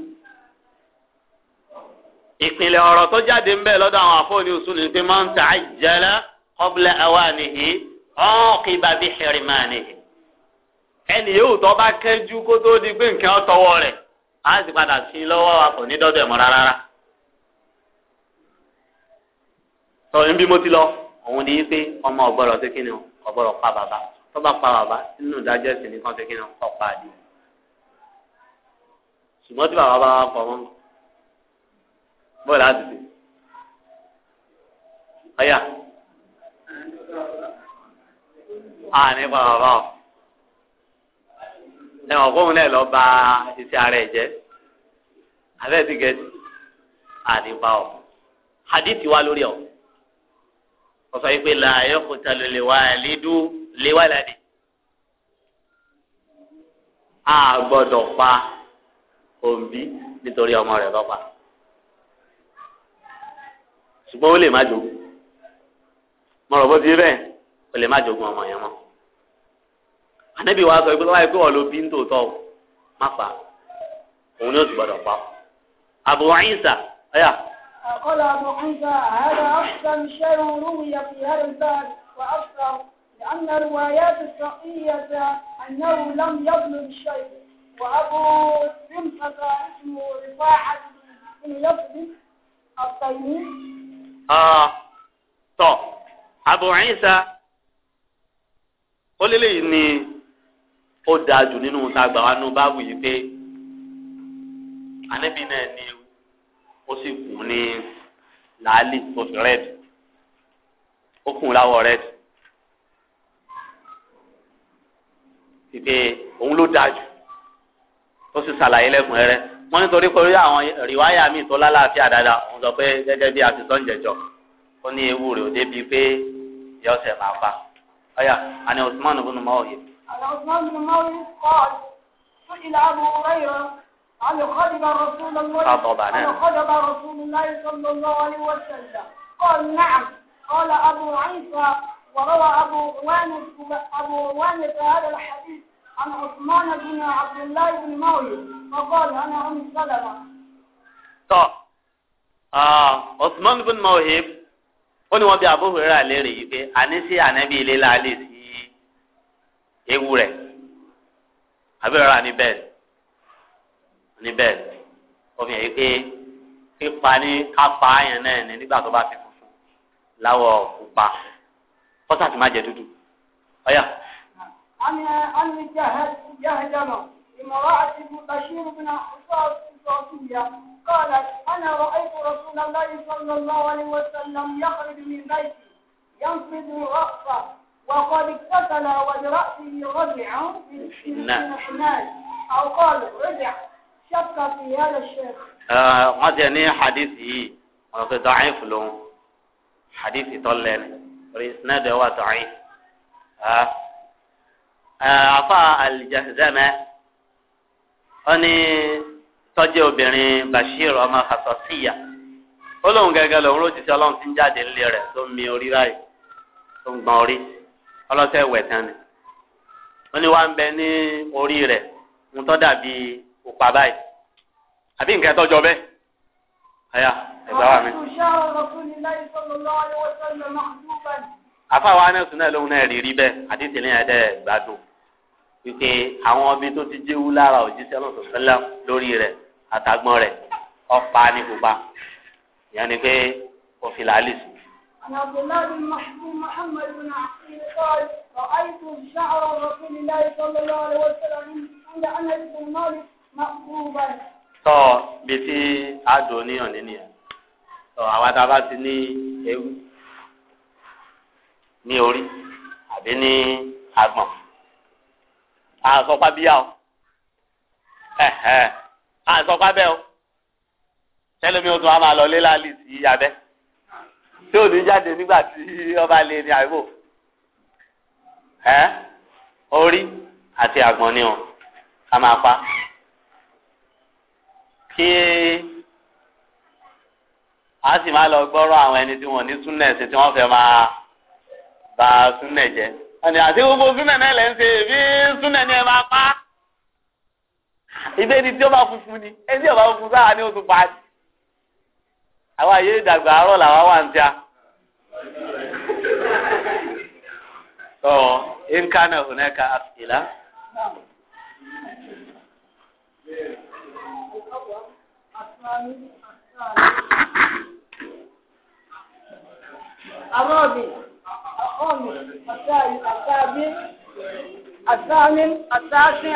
ìpìlẹ̀ ọ̀rọ̀ tó jáde ń bẹ̀ lọ́dọ̀ àwọn àfọ̀ní òsùn ní pé máa ń ta àjẹlá qabla awanihi. ọ̀ọ́kì bàbí hẹ̀rìmánì ẹnì yóò tọ́ bá kẹ́jú kó tó di pé nǹkan ọ̀tọ̀wọ́ rẹ̀ á sì padà sí lọ́wọ́ wa kò ní dọ́dọ̀ rárá. sọ bí mo ti lọ òun ni pé ọmọ ọ̀gbọ́dọ̀ ṣe kí ni ọ̀gbọ́dọ̀ pa bàbá tó bá pa bàbá nínú ìdájọ́ ẹ̀sìn nìkan ṣe kí ni pa ṣùgbọ́n tí bàbá bá wà pọ̀ mọ́ bọ́ọ̀lù àní bàbá ọ ẹ wọn kóhun náà lọ ba iṣẹ́ ara ẹ jẹ abẹ ti gẹ àní bá ọ hadith wa lórí ọ ọsọ yìí pé làyè kùtà lòlẹ wà lédú léwà ládì a gbọ́dọ̀ pa òǹbí nítorí ọmọ rẹ̀ lọpa ṣùgbọ́n ó lè má jò mọ̀rọ̀ bó ti bẹ́ẹ̀ o lè má jogún ọmọ yẹn mọ́ ànábì wa sọ pé wáyé pé wọn ló bí ń tòótọ́ o má fà á òun ni ó sì gbọ́dọ̀ pa Abu Isa ọyà. àkọlà Abu Isa àhàdà afghan ṣẹ́run rúwìyà fìyàrá bad wà afghan لأن الروايات الصحية أنه لم يبلغ شيء وأبو سمحة اسمه رفاعة بن لفظ الطيب. آه طب أبو عيسى ó lélẹ́yìí ni ó dáa jù nínú tá a gbà wá nú báàbù yìí pé ànábì náà ni ó sì kún ní làálì tó fi rẹ́ẹ̀dì ó kún láwọ̀ rẹ́ẹ̀dì pípé òun ló dáa jù ó sì ṣàlàyé lẹ́kùn rẹ́rẹ́ wọ́n nítorí pé àwọn rìwáyà míì tó lálàáfíà dáadáa òun sọ pé gẹ́gẹ́ bí a ti sọ ń jẹjọ́ ó ní ewu rẹ̀ ò débi pé yọ̀ọ́sẹ̀ máa pa. أيه عن عثمان بن معاوية عن عثمان بن معاوية قال سئل أبو هريرة عن خدم رسول الله آه، عن رسول الله صلى الله عليه وسلم قال نعم قال أبو عيسى وروى أبو عوانة أبو عوانة هذا الحديث عن عثمان بن عبد الله بن معاوية فقال أنا أم سلمة. طيب آه عثمان بن موهب ó ní wọn bí Abu Hurairah léèrè yìí pé àní sí ànábì ilé láàlè sí ewu rẹ̀ àbúrò ní bẹ́ẹ̀ ní bẹ́ẹ̀ ọmọ yẹn pé pípa ní kápá àyàn náà ní nígbà tó bá fi funfun láwọ̀ pupa kọ́sà tí má jẹ dúdú ọ̀yà. أن قالت أنا رأيت رسول الله صلى الله عليه وسلم يخرج من بيته ينفض رأسه وقد اقتتل ولرأسه رجع في نعم. الناس أو قال رجع شك في هذا الشيخ اه ti ní hadith yìí حديث fi da'if lòun hadith tó lẹ́nu orí sinadẹ̀ tọ́jú obìnrin Bashir ọmọ Hasasiya ó lóun gẹ́gẹ́ lòun ló ti sọ ọlọ́run ti ń jáde ńlẹ̀ rẹ̀ tó ń mi orí ráyè tó ń gbọ́n orí ọlọ́sẹ̀ wẹ̀ tán ni ó ní wá ń bẹ ní orí rẹ̀ ń tọ́ dàbí òpá báyìí àbí nǹkan tọ́jọ́ bẹ́ẹ̀ ẹ̀yà ẹ̀gbá wa mi. afáwa anẹ́sùn náà lóun náà rí rí bẹ́ẹ̀ àti tìlẹ̀ yẹn gbádùn wípé àwọn ọbẹ̀ tó ti jẹ́wú lára òjíṣẹ́ lọ́sọ̀ọ́sẹ́lá lórí rẹ̀ àtàgbọ́n rẹ̀ ọ̀pá ní pupa ìyẹn ni pé òfin làálì sùn. عن عبد الله بن محمد بن عقيل قال رأيت شعر رسول الله صلى الله عليه وسلم عند أنس بن مالك مقبوبا. tọ́ bí tí a dùn níyàn nínú tọ́ àwa tá a bá ti ní ewu ní orí àbí ní agbọ̀n àsọpá bíyà ọ àìsọpá bẹ́ẹ̀ o tẹlẹmi oṣù àmà lọ lé láàlì sí abẹ tí ò ní jáde nígbà tí ọba lè ní àìbò ẹ orí àti àgbọn ni o ká máa pa kí a sì máa lọ gbọ́rọ̀ àwọn ẹni tí wọ́n ní súnẹ̀ ṣe tí wọ́n fẹ́ máa ba súnẹ̀ jẹ́ àti gbogbo súnẹ̀ náà lẹ́ ń ṣe bí súnẹ̀ ni ẹ máa pa ìgbé ni tí ó bá funfun ni ẹni ọba funfun sáà ni ó tún parí àwa yé ìdàgbà àárọ̀ làwa wà ń tíá tọ nkánà ònàkà àfìlà. الرابع الخامس الثالث السابع الثامن التاسع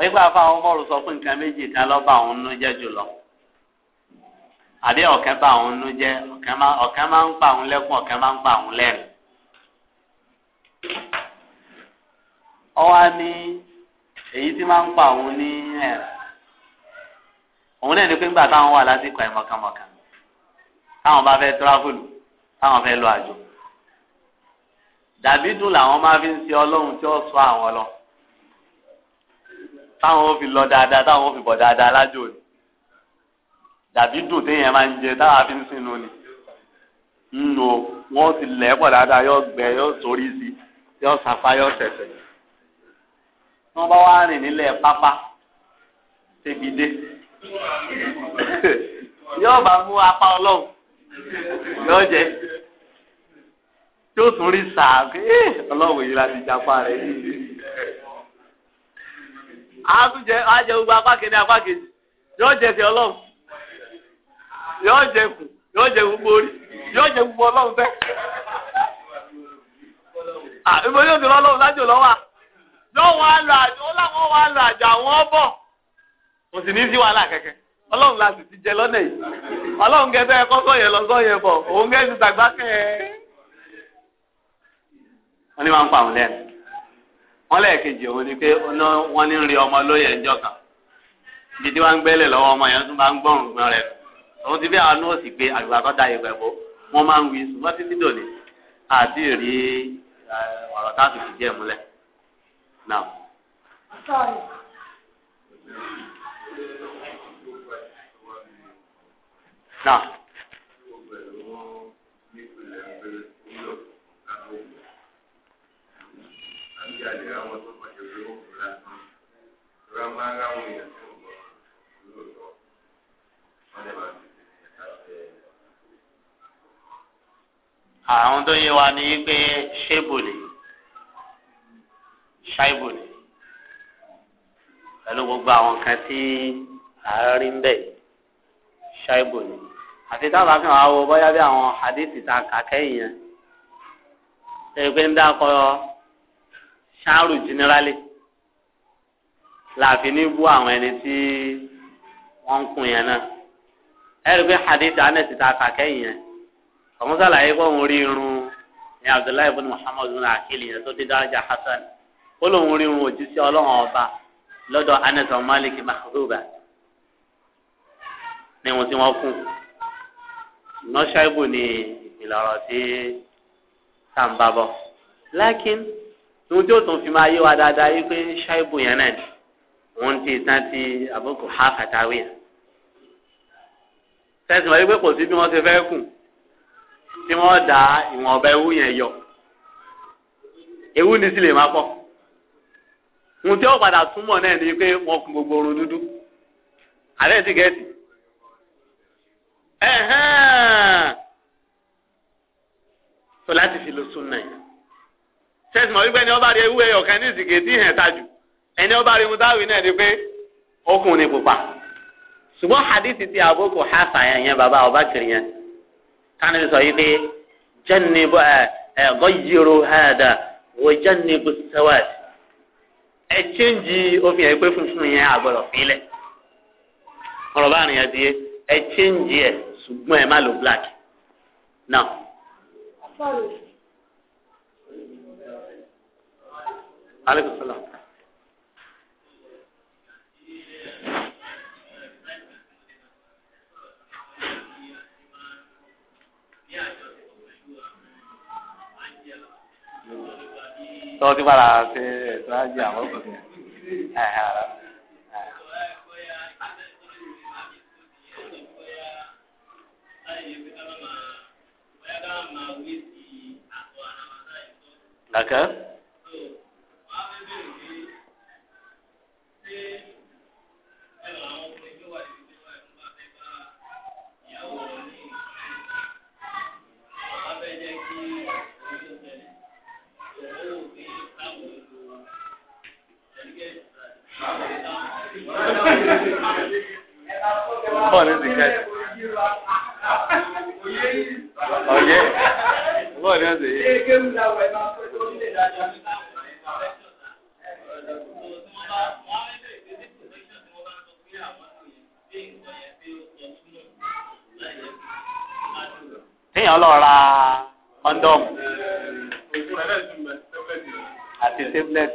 wọ́n yí pé afa àwọn ọmọ rò sọ pé nǹkan méjì kan lọ́ bá òun nú jẹ́ jùlọ àbí ọ̀kẹ́ bá òun nú jẹ́ ọ̀kẹ́ máa ń pa òun lẹ́kùn ọ̀kẹ́ máa ń pa òun lẹ́rìn. ọwọ́ ní èyí tí máa ń pa òun ní ẹ̀rẹ̀ òun náà ní pé ńgbà táwọn wà lásìkò ẹ̀ mọ̀kànmọ̀kàn táwọn bá fẹ́ tíráfùlù táwọn fẹ́ lọ àjò dàbí dùn làwọn máa fi ń ṣe ọlọ́run tí ó sọ àwọn lọ táwọn ò fi lọ dáadáa táwọn ò fi bọ̀ dáadáa lájò ni dàbí dùn téèyàn máa ń jẹ táwa fi ń sinú ni nù wọ́n ti lẹ̀ pọ̀ dáadáa yóò gbẹ yóò sórí sí yóò sàfá yóò tẹ̀sẹ̀ wọ́n bá wá rìn nílẹ̀ pápá tẹ̀bi dé yóò bá mú apá ọlọ́run yóò jẹ tí ó sàá eh, ọlọ́run yìí láti japa rẹ̀ yìí. àtúnjẹ àjẹ gbogbo apá kìíní apá yóò jẹ ti yóò jẹ kù yóò jẹ gbogbo orí yóò jẹ gbogbo ọlọ́run fẹ́. ìbò yóò ti lọ ọlọ́run lájò lọ́wọ́ yóò wá lọ àjò ó wá lọ àjò àwọn ọ̀bọ̀ kò sì ní sí wàhálà la sì ti jẹ yìí lọ òun wọ́n lẹ́ẹ̀kejì òun ni pé wọn ní rí ọmọ lóye ẹjọ́ kan dídí wa ń gbélé lọwọ ọmọ yẹn tún bá ń gbọ́rùn gbọ́n rẹ òun ti bí àwọn nọ́ọ̀sì gbé àgbà kan da ìwẹ̀ bó wọ́n máa ń wí ni àti rí náà. bí a lè ra wọn tó pàṣẹ pé ó kù lásán ìrora máa ń ráwọn èèyàn tí ò gbọ́ lóòótọ́ wọn lè máa fi tètè láti ẹ̀. àwọn tó yé wa ni pé ṣébù ni pẹ̀lú gbogbo àwọn kan tí àárín bẹ́ẹ̀ ṣáìbù àti táwọn akẹ́kọ̀ọ́ àwọn bóyá bí àwọn àdìsí ta kàkẹ́yìn yẹn ṣe pé ń dákọ́ ṣáàrù jìnnìrálì láàfin ní bú àwọn ẹni tí wọ́n ń kun yẹn náà ẹ̀rí pé hadith anẹ́sì ta kàkẹ́yìn yẹn ọ̀hún sàlàyé kó òun rí irun ní abdullahi ibn muhammad ibn akil yẹn tó dé dájà hasan ó lóun rí irun òjíṣẹ́ ọlọ́run ọba lọ́dọ̀ anẹ́sì ọmọ malik mahzuba ní wọn tí wọ́n kún nọ́ṣáìbù ní ìpìlẹ̀ ọ̀rọ̀ tí bọ̀ lákìn tó tí ó tún fi máa yé wa dáadáa yìí pé ṣáìbù yẹn náà ni wọ́n ti tán ti àbúkù ha kàtàwé yẹn tẹsán wáyé pé kò sí bí wọ́n ti fẹ́ kù tí wọ́n da ìwọ̀n ọ̀bẹ ewu yẹn yọ ewu ni sì lè má pọ̀ ohun tí ó padà túmọ̀ náà ni pé wọ́n kun gbogbo orun dúdú àlẹ́ ti gẹ̀ẹ́sì tó láti fi lo sunna yẹn. sẹ́sì mọ̀ wípé ẹni ọba rí ewúrẹ́ ọ̀kan ní ìsìnkè tí ìhẹ̀ ta ẹni ọba rí mutáwì náà ni pé ọkùnrin pupa ṣùgbọ́n ti àbókò hafa yẹn yẹn bàbá ọba kiri yẹn kánú sọ yìí pé jẹ́ni bọ́ ẹ ẹ gọ́yìíró hàdà wọ jẹ́ni bó sẹ́wàdì ẹ òfin ẹ̀ pé funfun yẹn àgbọ̀dọ̀ fílẹ̀ di ẹ ṣùgbọ́n ẹ má lo aleykum salaam. tọ́wọ́ ti bára ṣe ẹ̀sọ́ ajé àwọn ọkùnrin ẹ̀hẹ́ra. Dàkẹ́. bọ̀ ní ọ̀sẹ̀ yìí. kéèyàn lọ ra àti tablet.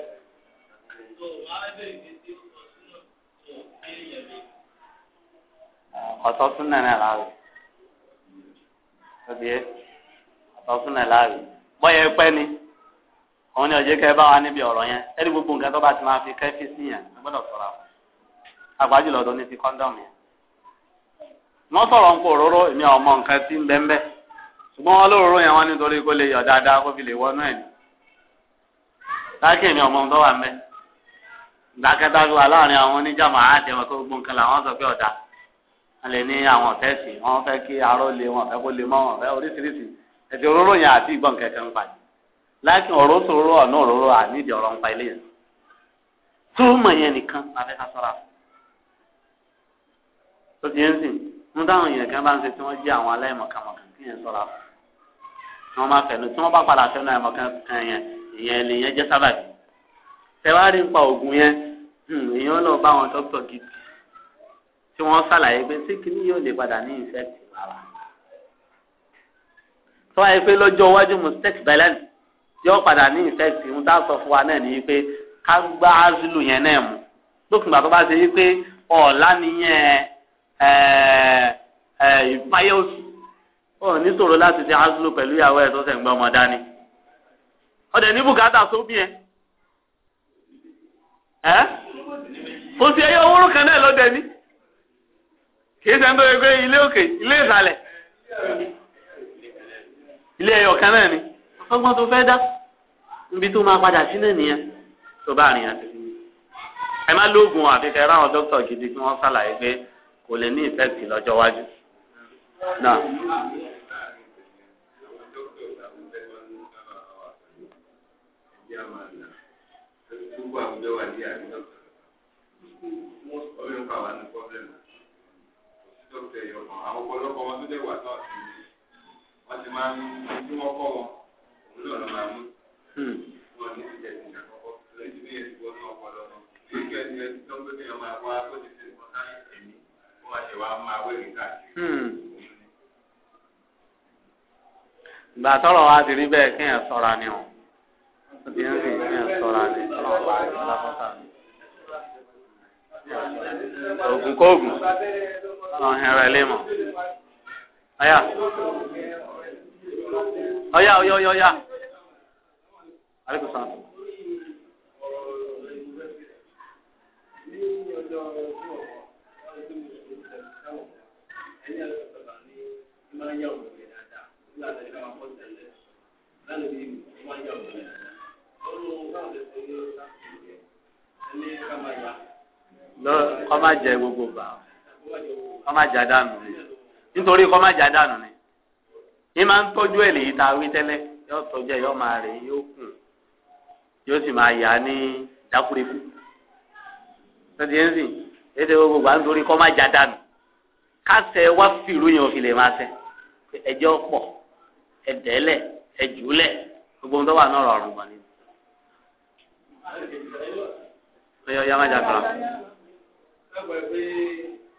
ọ̀tọ̀ súnà náà láàrú ọ̀bí ẹ ọ̀tọ̀ láàrú pẹ́ ni òun ni kẹ́ bá wa níbi ọ̀rọ̀ gbogbo nǹkan tó bá ti máa fi sí yẹn ẹ gbọ́dọ̀ sọ̀rọ̀ àwọn àgbájúlọ̀ ní ti kọ́ńdọ̀mù yẹn ọmọ nǹkan ṣùgbọ́n wọn lóòrò yẹn wọn nítorí kó lè yọ dáadáa kó fi lè wọnú ẹ̀ ní. sáàkì mi ọmọ tó wà mẹ́ ìdákẹ́ta fi wà láàrin àwọn oníjàmọ̀ àti ẹ̀wọ̀n tó gbọ́n kan làwọn sọ pé ọ̀dà wọn lè ní àwọn ọ̀tẹ́sì wọn fẹ́ kí arọ́ lé wọn fẹ́ kó lè mọ́ wọn fẹ́ oríṣiríṣi ẹ̀sìn òróró yẹn àti ìgbọ̀n kẹ̀kẹ́ ń pàdé láàkì ọ̀rọ̀ sòrò ọ̀nà òróró àníjì ọ̀rọ̀ ń pa ilé yẹn tó mọ̀ yẹn nìkan la tí wọ́n bá fẹnu tí wọ́n bá padà fẹnu àìmọ̀ kankan yẹn ìyẹn lèyẹn jẹ́ sábàbí tẹwárí ń pa oògùn yẹn hmm, èèyàn lọ bá àwọn dókítà gidi tí wọ́n ṣàlàyé pé tí kìíní yóò lè padà ní ìfẹ́ẹ̀tì rárá tó wáyé pé lọ́jọ́ iwájú mistake balance yóò padà ní ìfẹ́ẹ̀tì ń dá sọ fún wa náà ní pé ká gbá azulu yẹn náà mú lókùn gbà tó bá ṣe wípé ọ̀la nìyẹn ẹ̀ ẹ̀ ìfáyọ̀sì ọ níṣòro láti ṣe azulu pẹ̀lú ìyàwó ẹ̀ tó ṣẹ̀ ń gbọ́ ọmọ dání ọdẹ ní bùkátà sóbì ẹ ẹ kò sí ẹyẹ owó kan náà lọ́dẹ ní kì í ń tó yẹ ilé òkè ilé ìsàlẹ̀ ilé ẹyọ kan náà ni ọgbọ́n tó fẹ́ dá níbi tó máa padà sí náà nìyẹn tó bá rìn àti ẹ má lóògùn àfikẹ́ ráwọn dókítà gidi tí yá mana? nà ẹni tó kó àwùjọ wà ní àdúgbò wọn ọbẹ̀ nípa wà ní pọ́blẹ́mù òsì dókítà ẹ̀yọ̀ kan àwọn ọ̀pọ̀lọpọ̀ wọn tó dẹ̀ wà tó àti ìlú wọn ti máa ń tí wọ́n kọ́ wọn òun náà lọ́ máa mú wọn ní ti tẹ̀sí ìjà kọ́kọ́ lórí ti bí yẹn ti wọ́n náà pọ̀ lọ́wọ́ bí kí ẹni ẹni tó ń gbàtọ́rọ̀ wa ti rí bẹ́ẹ̀ kéèyàn sọ̀ra ni o bí wọ́n fi ìpín ẹ̀sọ́ra rẹ̀ ọlọ́run lápọ́tà mi. Ògùn kóògùn ọ̀hún ẹ̀rọ ilé mọ̀. Ọ̀yà ọ̀yà ọ̀yà ọ̀yà àríkùsàn. Thank you. lọ kọ́ má jẹ gbogbo bá kọ́ má jẹ ni nítorí kọ́ má jẹ ni yín máa ń tọ́jú ẹ̀ lèyí tá a wí tẹ́lẹ̀ yóò tọ́jú yóò máa rè yóò kùn yóò sì máa yà á ní dákúrekú lọ́dí ẹ̀ ń sìn ètò gbogbo bá má jẹ kásẹ̀ wá fìlú yẹn òfin lè máa ẹjọ́ ọyọ ya má jàkàrà. lágbàá pé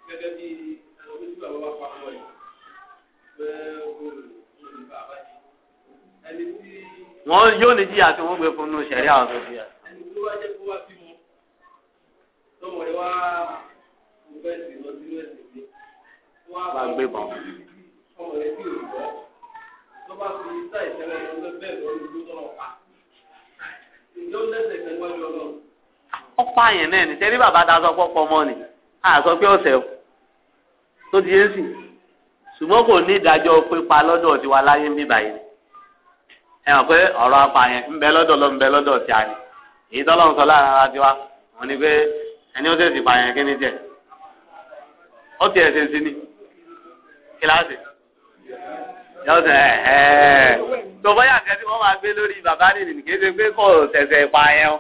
gẹ́gẹ́ bí ẹlòmíì tí bàbá bá yóò ní jíyà tí wọ́n gbé fún un ṣẹ̀rí àwọn tó jíyà. ẹni gbé bọ̀. ọmọ rẹ bí òògùn tó bá fi sáì tẹ́lẹ̀ lọ bẹ́ẹ̀ lọ́ọ́ ǹjẹ́ ó lẹ́sẹ̀ pẹ̀lú ọjọ́ náà. wọ́n pààyàn náà ní sẹ́rí bàbá ta sọ pọ́pọ́ mọ́ ni a sọ pé ọ̀sẹ̀ o tó ti yé sí ṣùgbọ́n kò ní ìdájọ́ pípa lọ́dọ̀ tiwa láyé ń bí báyìí ẹ hàn pé ọ̀rọ̀ apààyàn ń bẹ lọ́dọ̀ lọ ń bẹ lọ́dọ̀ tí a ní èyí tọ́lọ́ ń sọ láàrin ara tiwa wọn ni pé ẹni ó tẹ̀sí pààyàn kí ni jẹ ó ti ẹ̀sìn sí ni kíláàsì yọ sẹ ẹ tọbọyà kẹsí máa gbé lórí bàbá nìyí nìké ṣe pé kò ṣẹ̀ṣẹ̀ ipa yẹn o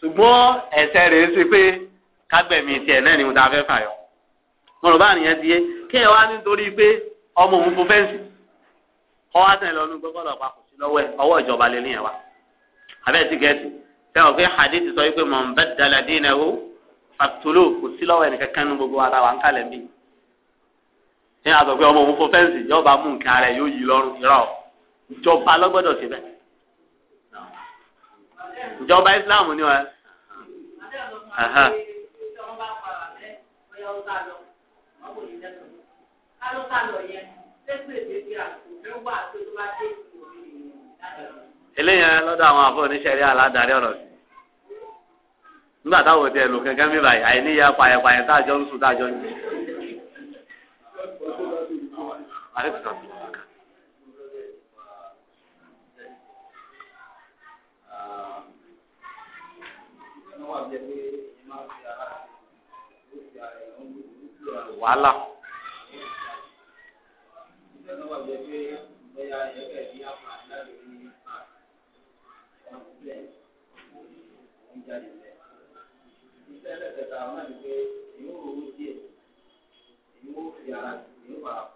ṣùgbọ́n ẹsẹ rẹ ṣe pé kágbẹmí tiẹ̀ náà ni mo ta fẹ́ fà yọ mo rò bá nìyẹn ti yé kí ẹ wá nítorí pé ọmọ òun fún fẹǹsì kọ wá sẹ lọnu gbọgbọ lọ sí lọ́wọ́ ẹ ọwọ́ ìjọba lè níyẹn wa abẹ ti gẹẹsì fẹ ọ pé hadith sọ pé mọ̀ nbẹ dàlẹ́ dín náà o fàtúlò kò sí lọ́wọ́ ẹnìkankan ní gbogbo ara wa ń kálẹ̀ bíi ní àtọ̀ pé ọmọ òun fọ fẹ́ǹsì yóò bá mú nǹkan rẹ̀ yóò yí lọ́rùn irọ́ ìjọba lọ́gbọ́dọ̀ sí bẹ́ẹ̀ ìjọba Islam ni wọn. eléyàn lọ́dọ̀ àwọn àfọ̀ aládàárí ọ̀rọ̀ sí nígbà táwọn ò tiẹ̀ lò kankan mi àìníyà pààyàn pààyàn táàjọ ń sùn táàjọ ń jẹ àríkùsọ̀ wàhálà. Ìṣẹ̀lẹ̀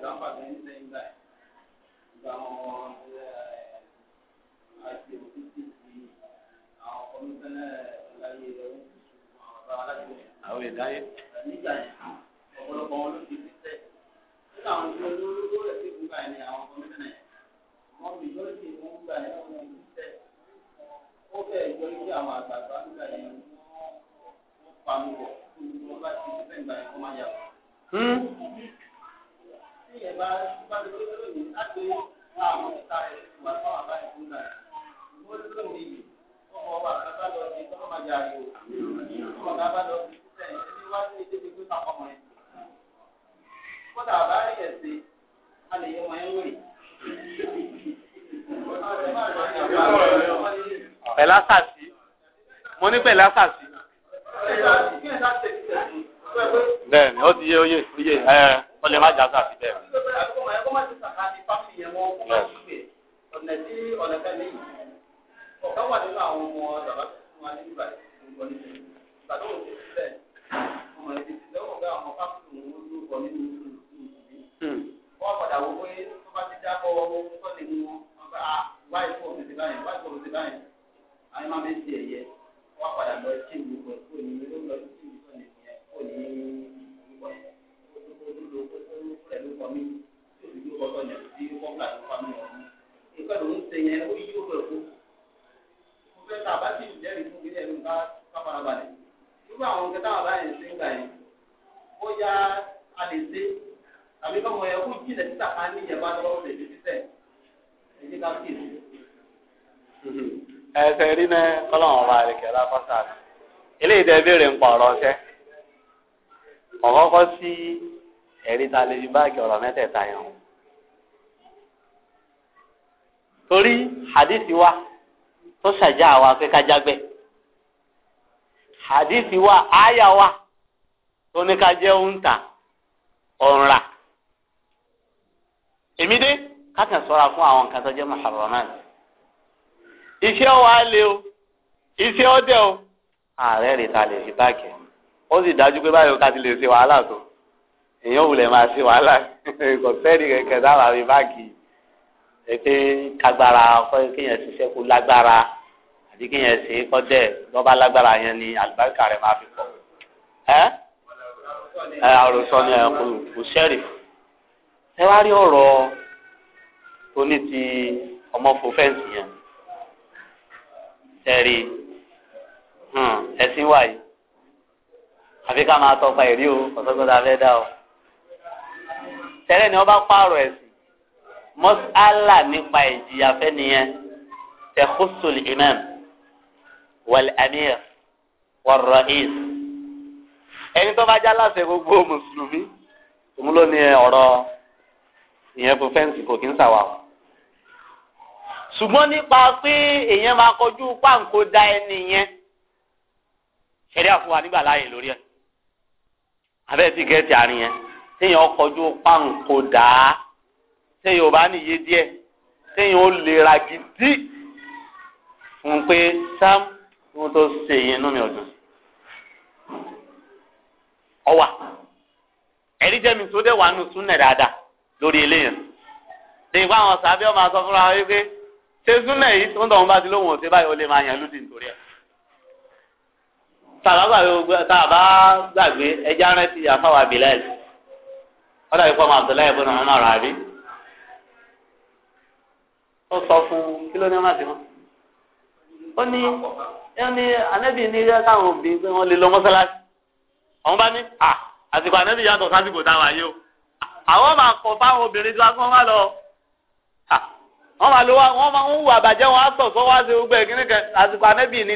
咱把人人在。lásà báàgì ọ̀rọ̀ mẹ́tẹ̀ẹ̀ta yẹn o torí hadithi wa tó ṣàjà wa pé ká jágbẹ́ hadithi wa àyà wa tó ní ká jẹ́ òǹtà ọ̀nra èmi dé kákan sọ́ra fún àwọn nǹkan tó jẹ́ muharramat iṣẹ́ wa lé o iṣẹ́ ọdẹ o ààrẹ rẹ̀ ta lè fi báàgì ó sì dájú pé báyìí ó ká ti lè ṣe wàhálà tó èèyàn wulẹ̀ máa ṣe wàhálà kò sẹ́ni kẹ̀kẹ́ dáhùn àmì báàgì pé kágbára kéèyàn ṣiṣẹ́ kó lágbára àti kéèyàn ṣe é kọ́dẹ̀ lọ́ba lágbára yẹn ni àlùbáríkà rẹ̀ máa fi pọ̀ ẹ́ ẹ́ àròsọ ni kò sẹ́rì ẹ wá rí ọ̀rọ̀ tó ní ti ọmọ fò fẹ́ǹsì yẹn sẹ́rì hmm, ẹ̀sìn wáyé àfi ká máa tọpa ẹ̀rí o ọ̀sọ́gbọ́dá fẹ́ dá o tẹ́lẹ̀ ni wọ́n bá pààrọ̀ ẹ̀sìn mọ́sálà nípa ìjìyà fẹ́ nìyẹn tẹ̀kúsùl imam wàl amir wàl ra'is ẹni tó bá já láṣẹ gbogbo mùsùlùmí òun ló ní ọ̀rọ̀ ìyẹn fún fẹ́ǹsì kò kí ń sàwà ṣùgbọ́n nípa pé èèyàn máa kọjú páǹkó da ẹni yẹn ṣẹlẹ̀ àfọwà nígbà láàyè lórí ẹ̀ abẹ́ẹ̀ tí kẹ́ẹ̀tì àárín yẹn téèyàn kọjú páǹkó téèyàn ò bá níye díẹ̀ téèyàn ó lera gidi fún pé sam mo tó ṣe yẹn inú mi ọdún ọwà ẹ̀rí jẹ́mi tó dé wàánu súnẹ̀ dáadáa lórí eléyàn lè fún àwọn sábẹ́ ọmọ asọ fúnra wọn wípé ṣé súnẹ̀ yìí tó ń tọ̀hún bá ti lóhùn ọ̀sẹ̀ báyìí ó lè máa yàn lódì nítorí ẹ̀ tàbá gbàgbé ẹja rántí àfáwà bìláìlì. Ọ yìí pọ̀ mọ́ Abdullahi ibn Umar àbí ó sọ fún kí ló ní ọmọ àti wọn ó ní ó anabi ní ilé káwọn òbí pé wọn lè lọ mọ́sálásí àwọn bá ní à àsìkò anabi yàtọ̀ sásìkò táwọn o kọ fáwọn obìnrin tí wọn kọ́ lọ máa lo wọn máa ń wọn á wá sí gbogbo ẹ̀kíní kan àsìkò anabi ní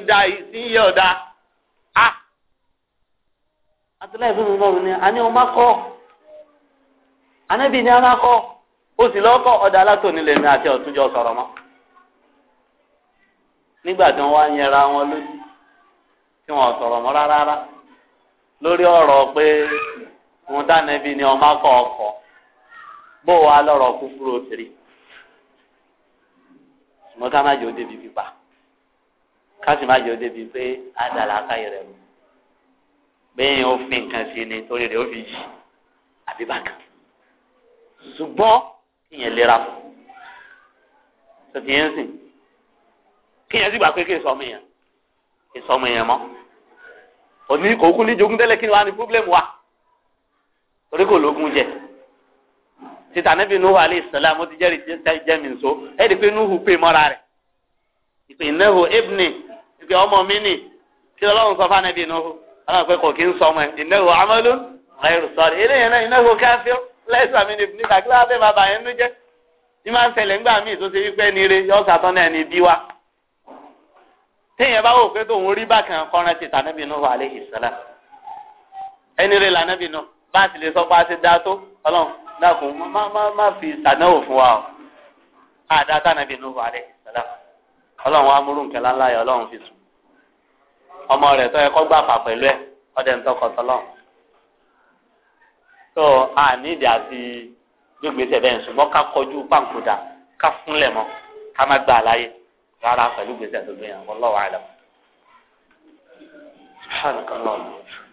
anábì ní alákọ̀ ó sì ọdala ọ̀dà alátòní lèmi àti ọ̀túnjọ sọ̀rọ̀ mọ́ nígbà tí wọ́n wá yẹra wọn lójú tí wọ́n rárá lórí ọ̀rọ̀ pé wọn dánẹ́bí ni ọmọ akọ ọkọ̀ bó wa lọ́rọ̀ kúkúrú ká má òde má òde pé ṣùgbọ́n ìyẹn lera fún tòtí yẹn sìn kíyẹn sì gbà pé kí n sọ ọmọ yẹn kí n sọ ọmọ yẹn mọ́ òní kò kú ní jogún tẹ́lẹ̀ kí ni wàá ní pọ́blẹ́mù wa torí kò lógún jẹ títà níbi nuhu alayhi salam ó ti jẹ́rìí jẹ́mi nso ẹ̀ ẹ́dì pé nuhu pè mọ́ra rẹ̀ ìpè ináhu ibni ìpè ọmọ mi nì kí ọlọ́run sọ fún anabi nuhu ọlọ́run pé kò kí ń sọ ẹ̀ ináhu amalun ghayru salih eléyìí náà ináhu kafir lẹ́sà mi ni nígbà kí láwọn fẹ́ máa bà yẹn nú jẹ́ ní máa ń ṣẹlẹ̀ ńgbà míì tó ṣe wípé ní ire yọ sàtọ́ náà ní bí wa téèyàn bá wò pé tóun rí bákan kọ́ran ti tànàbí nù wà lẹ́yìn ìsọ́lá ẹni rẹ̀ lànàbí nù bá a sì lè sọ pé a ti dá tó ọlọ́run dákun má má má fi ìsànáwò fún wa o àdá tànàbí nù wà lẹ́yìn ìsọ́lá ọlọ́run wa múrú nkẹ́lá ńlá yẹn ọlọ́run fi sùn ọmọ rẹ̀ tọ́ ẹ kọ́ gbàfà pẹ̀lú ẹ ọdẹ ń tọkọ tọ́lọ́run tó a nídìí àti gbégbèsè bẹ́ẹ̀ ṣùgbọ́n ká kọjú pàǹkódà ká fúnlẹ̀ mọ́ ká má gbà láyé rárá pẹ̀lú gbèsè tó gbé lọ́wọ́ àlọ́. سبحانك اللهم وبحمدك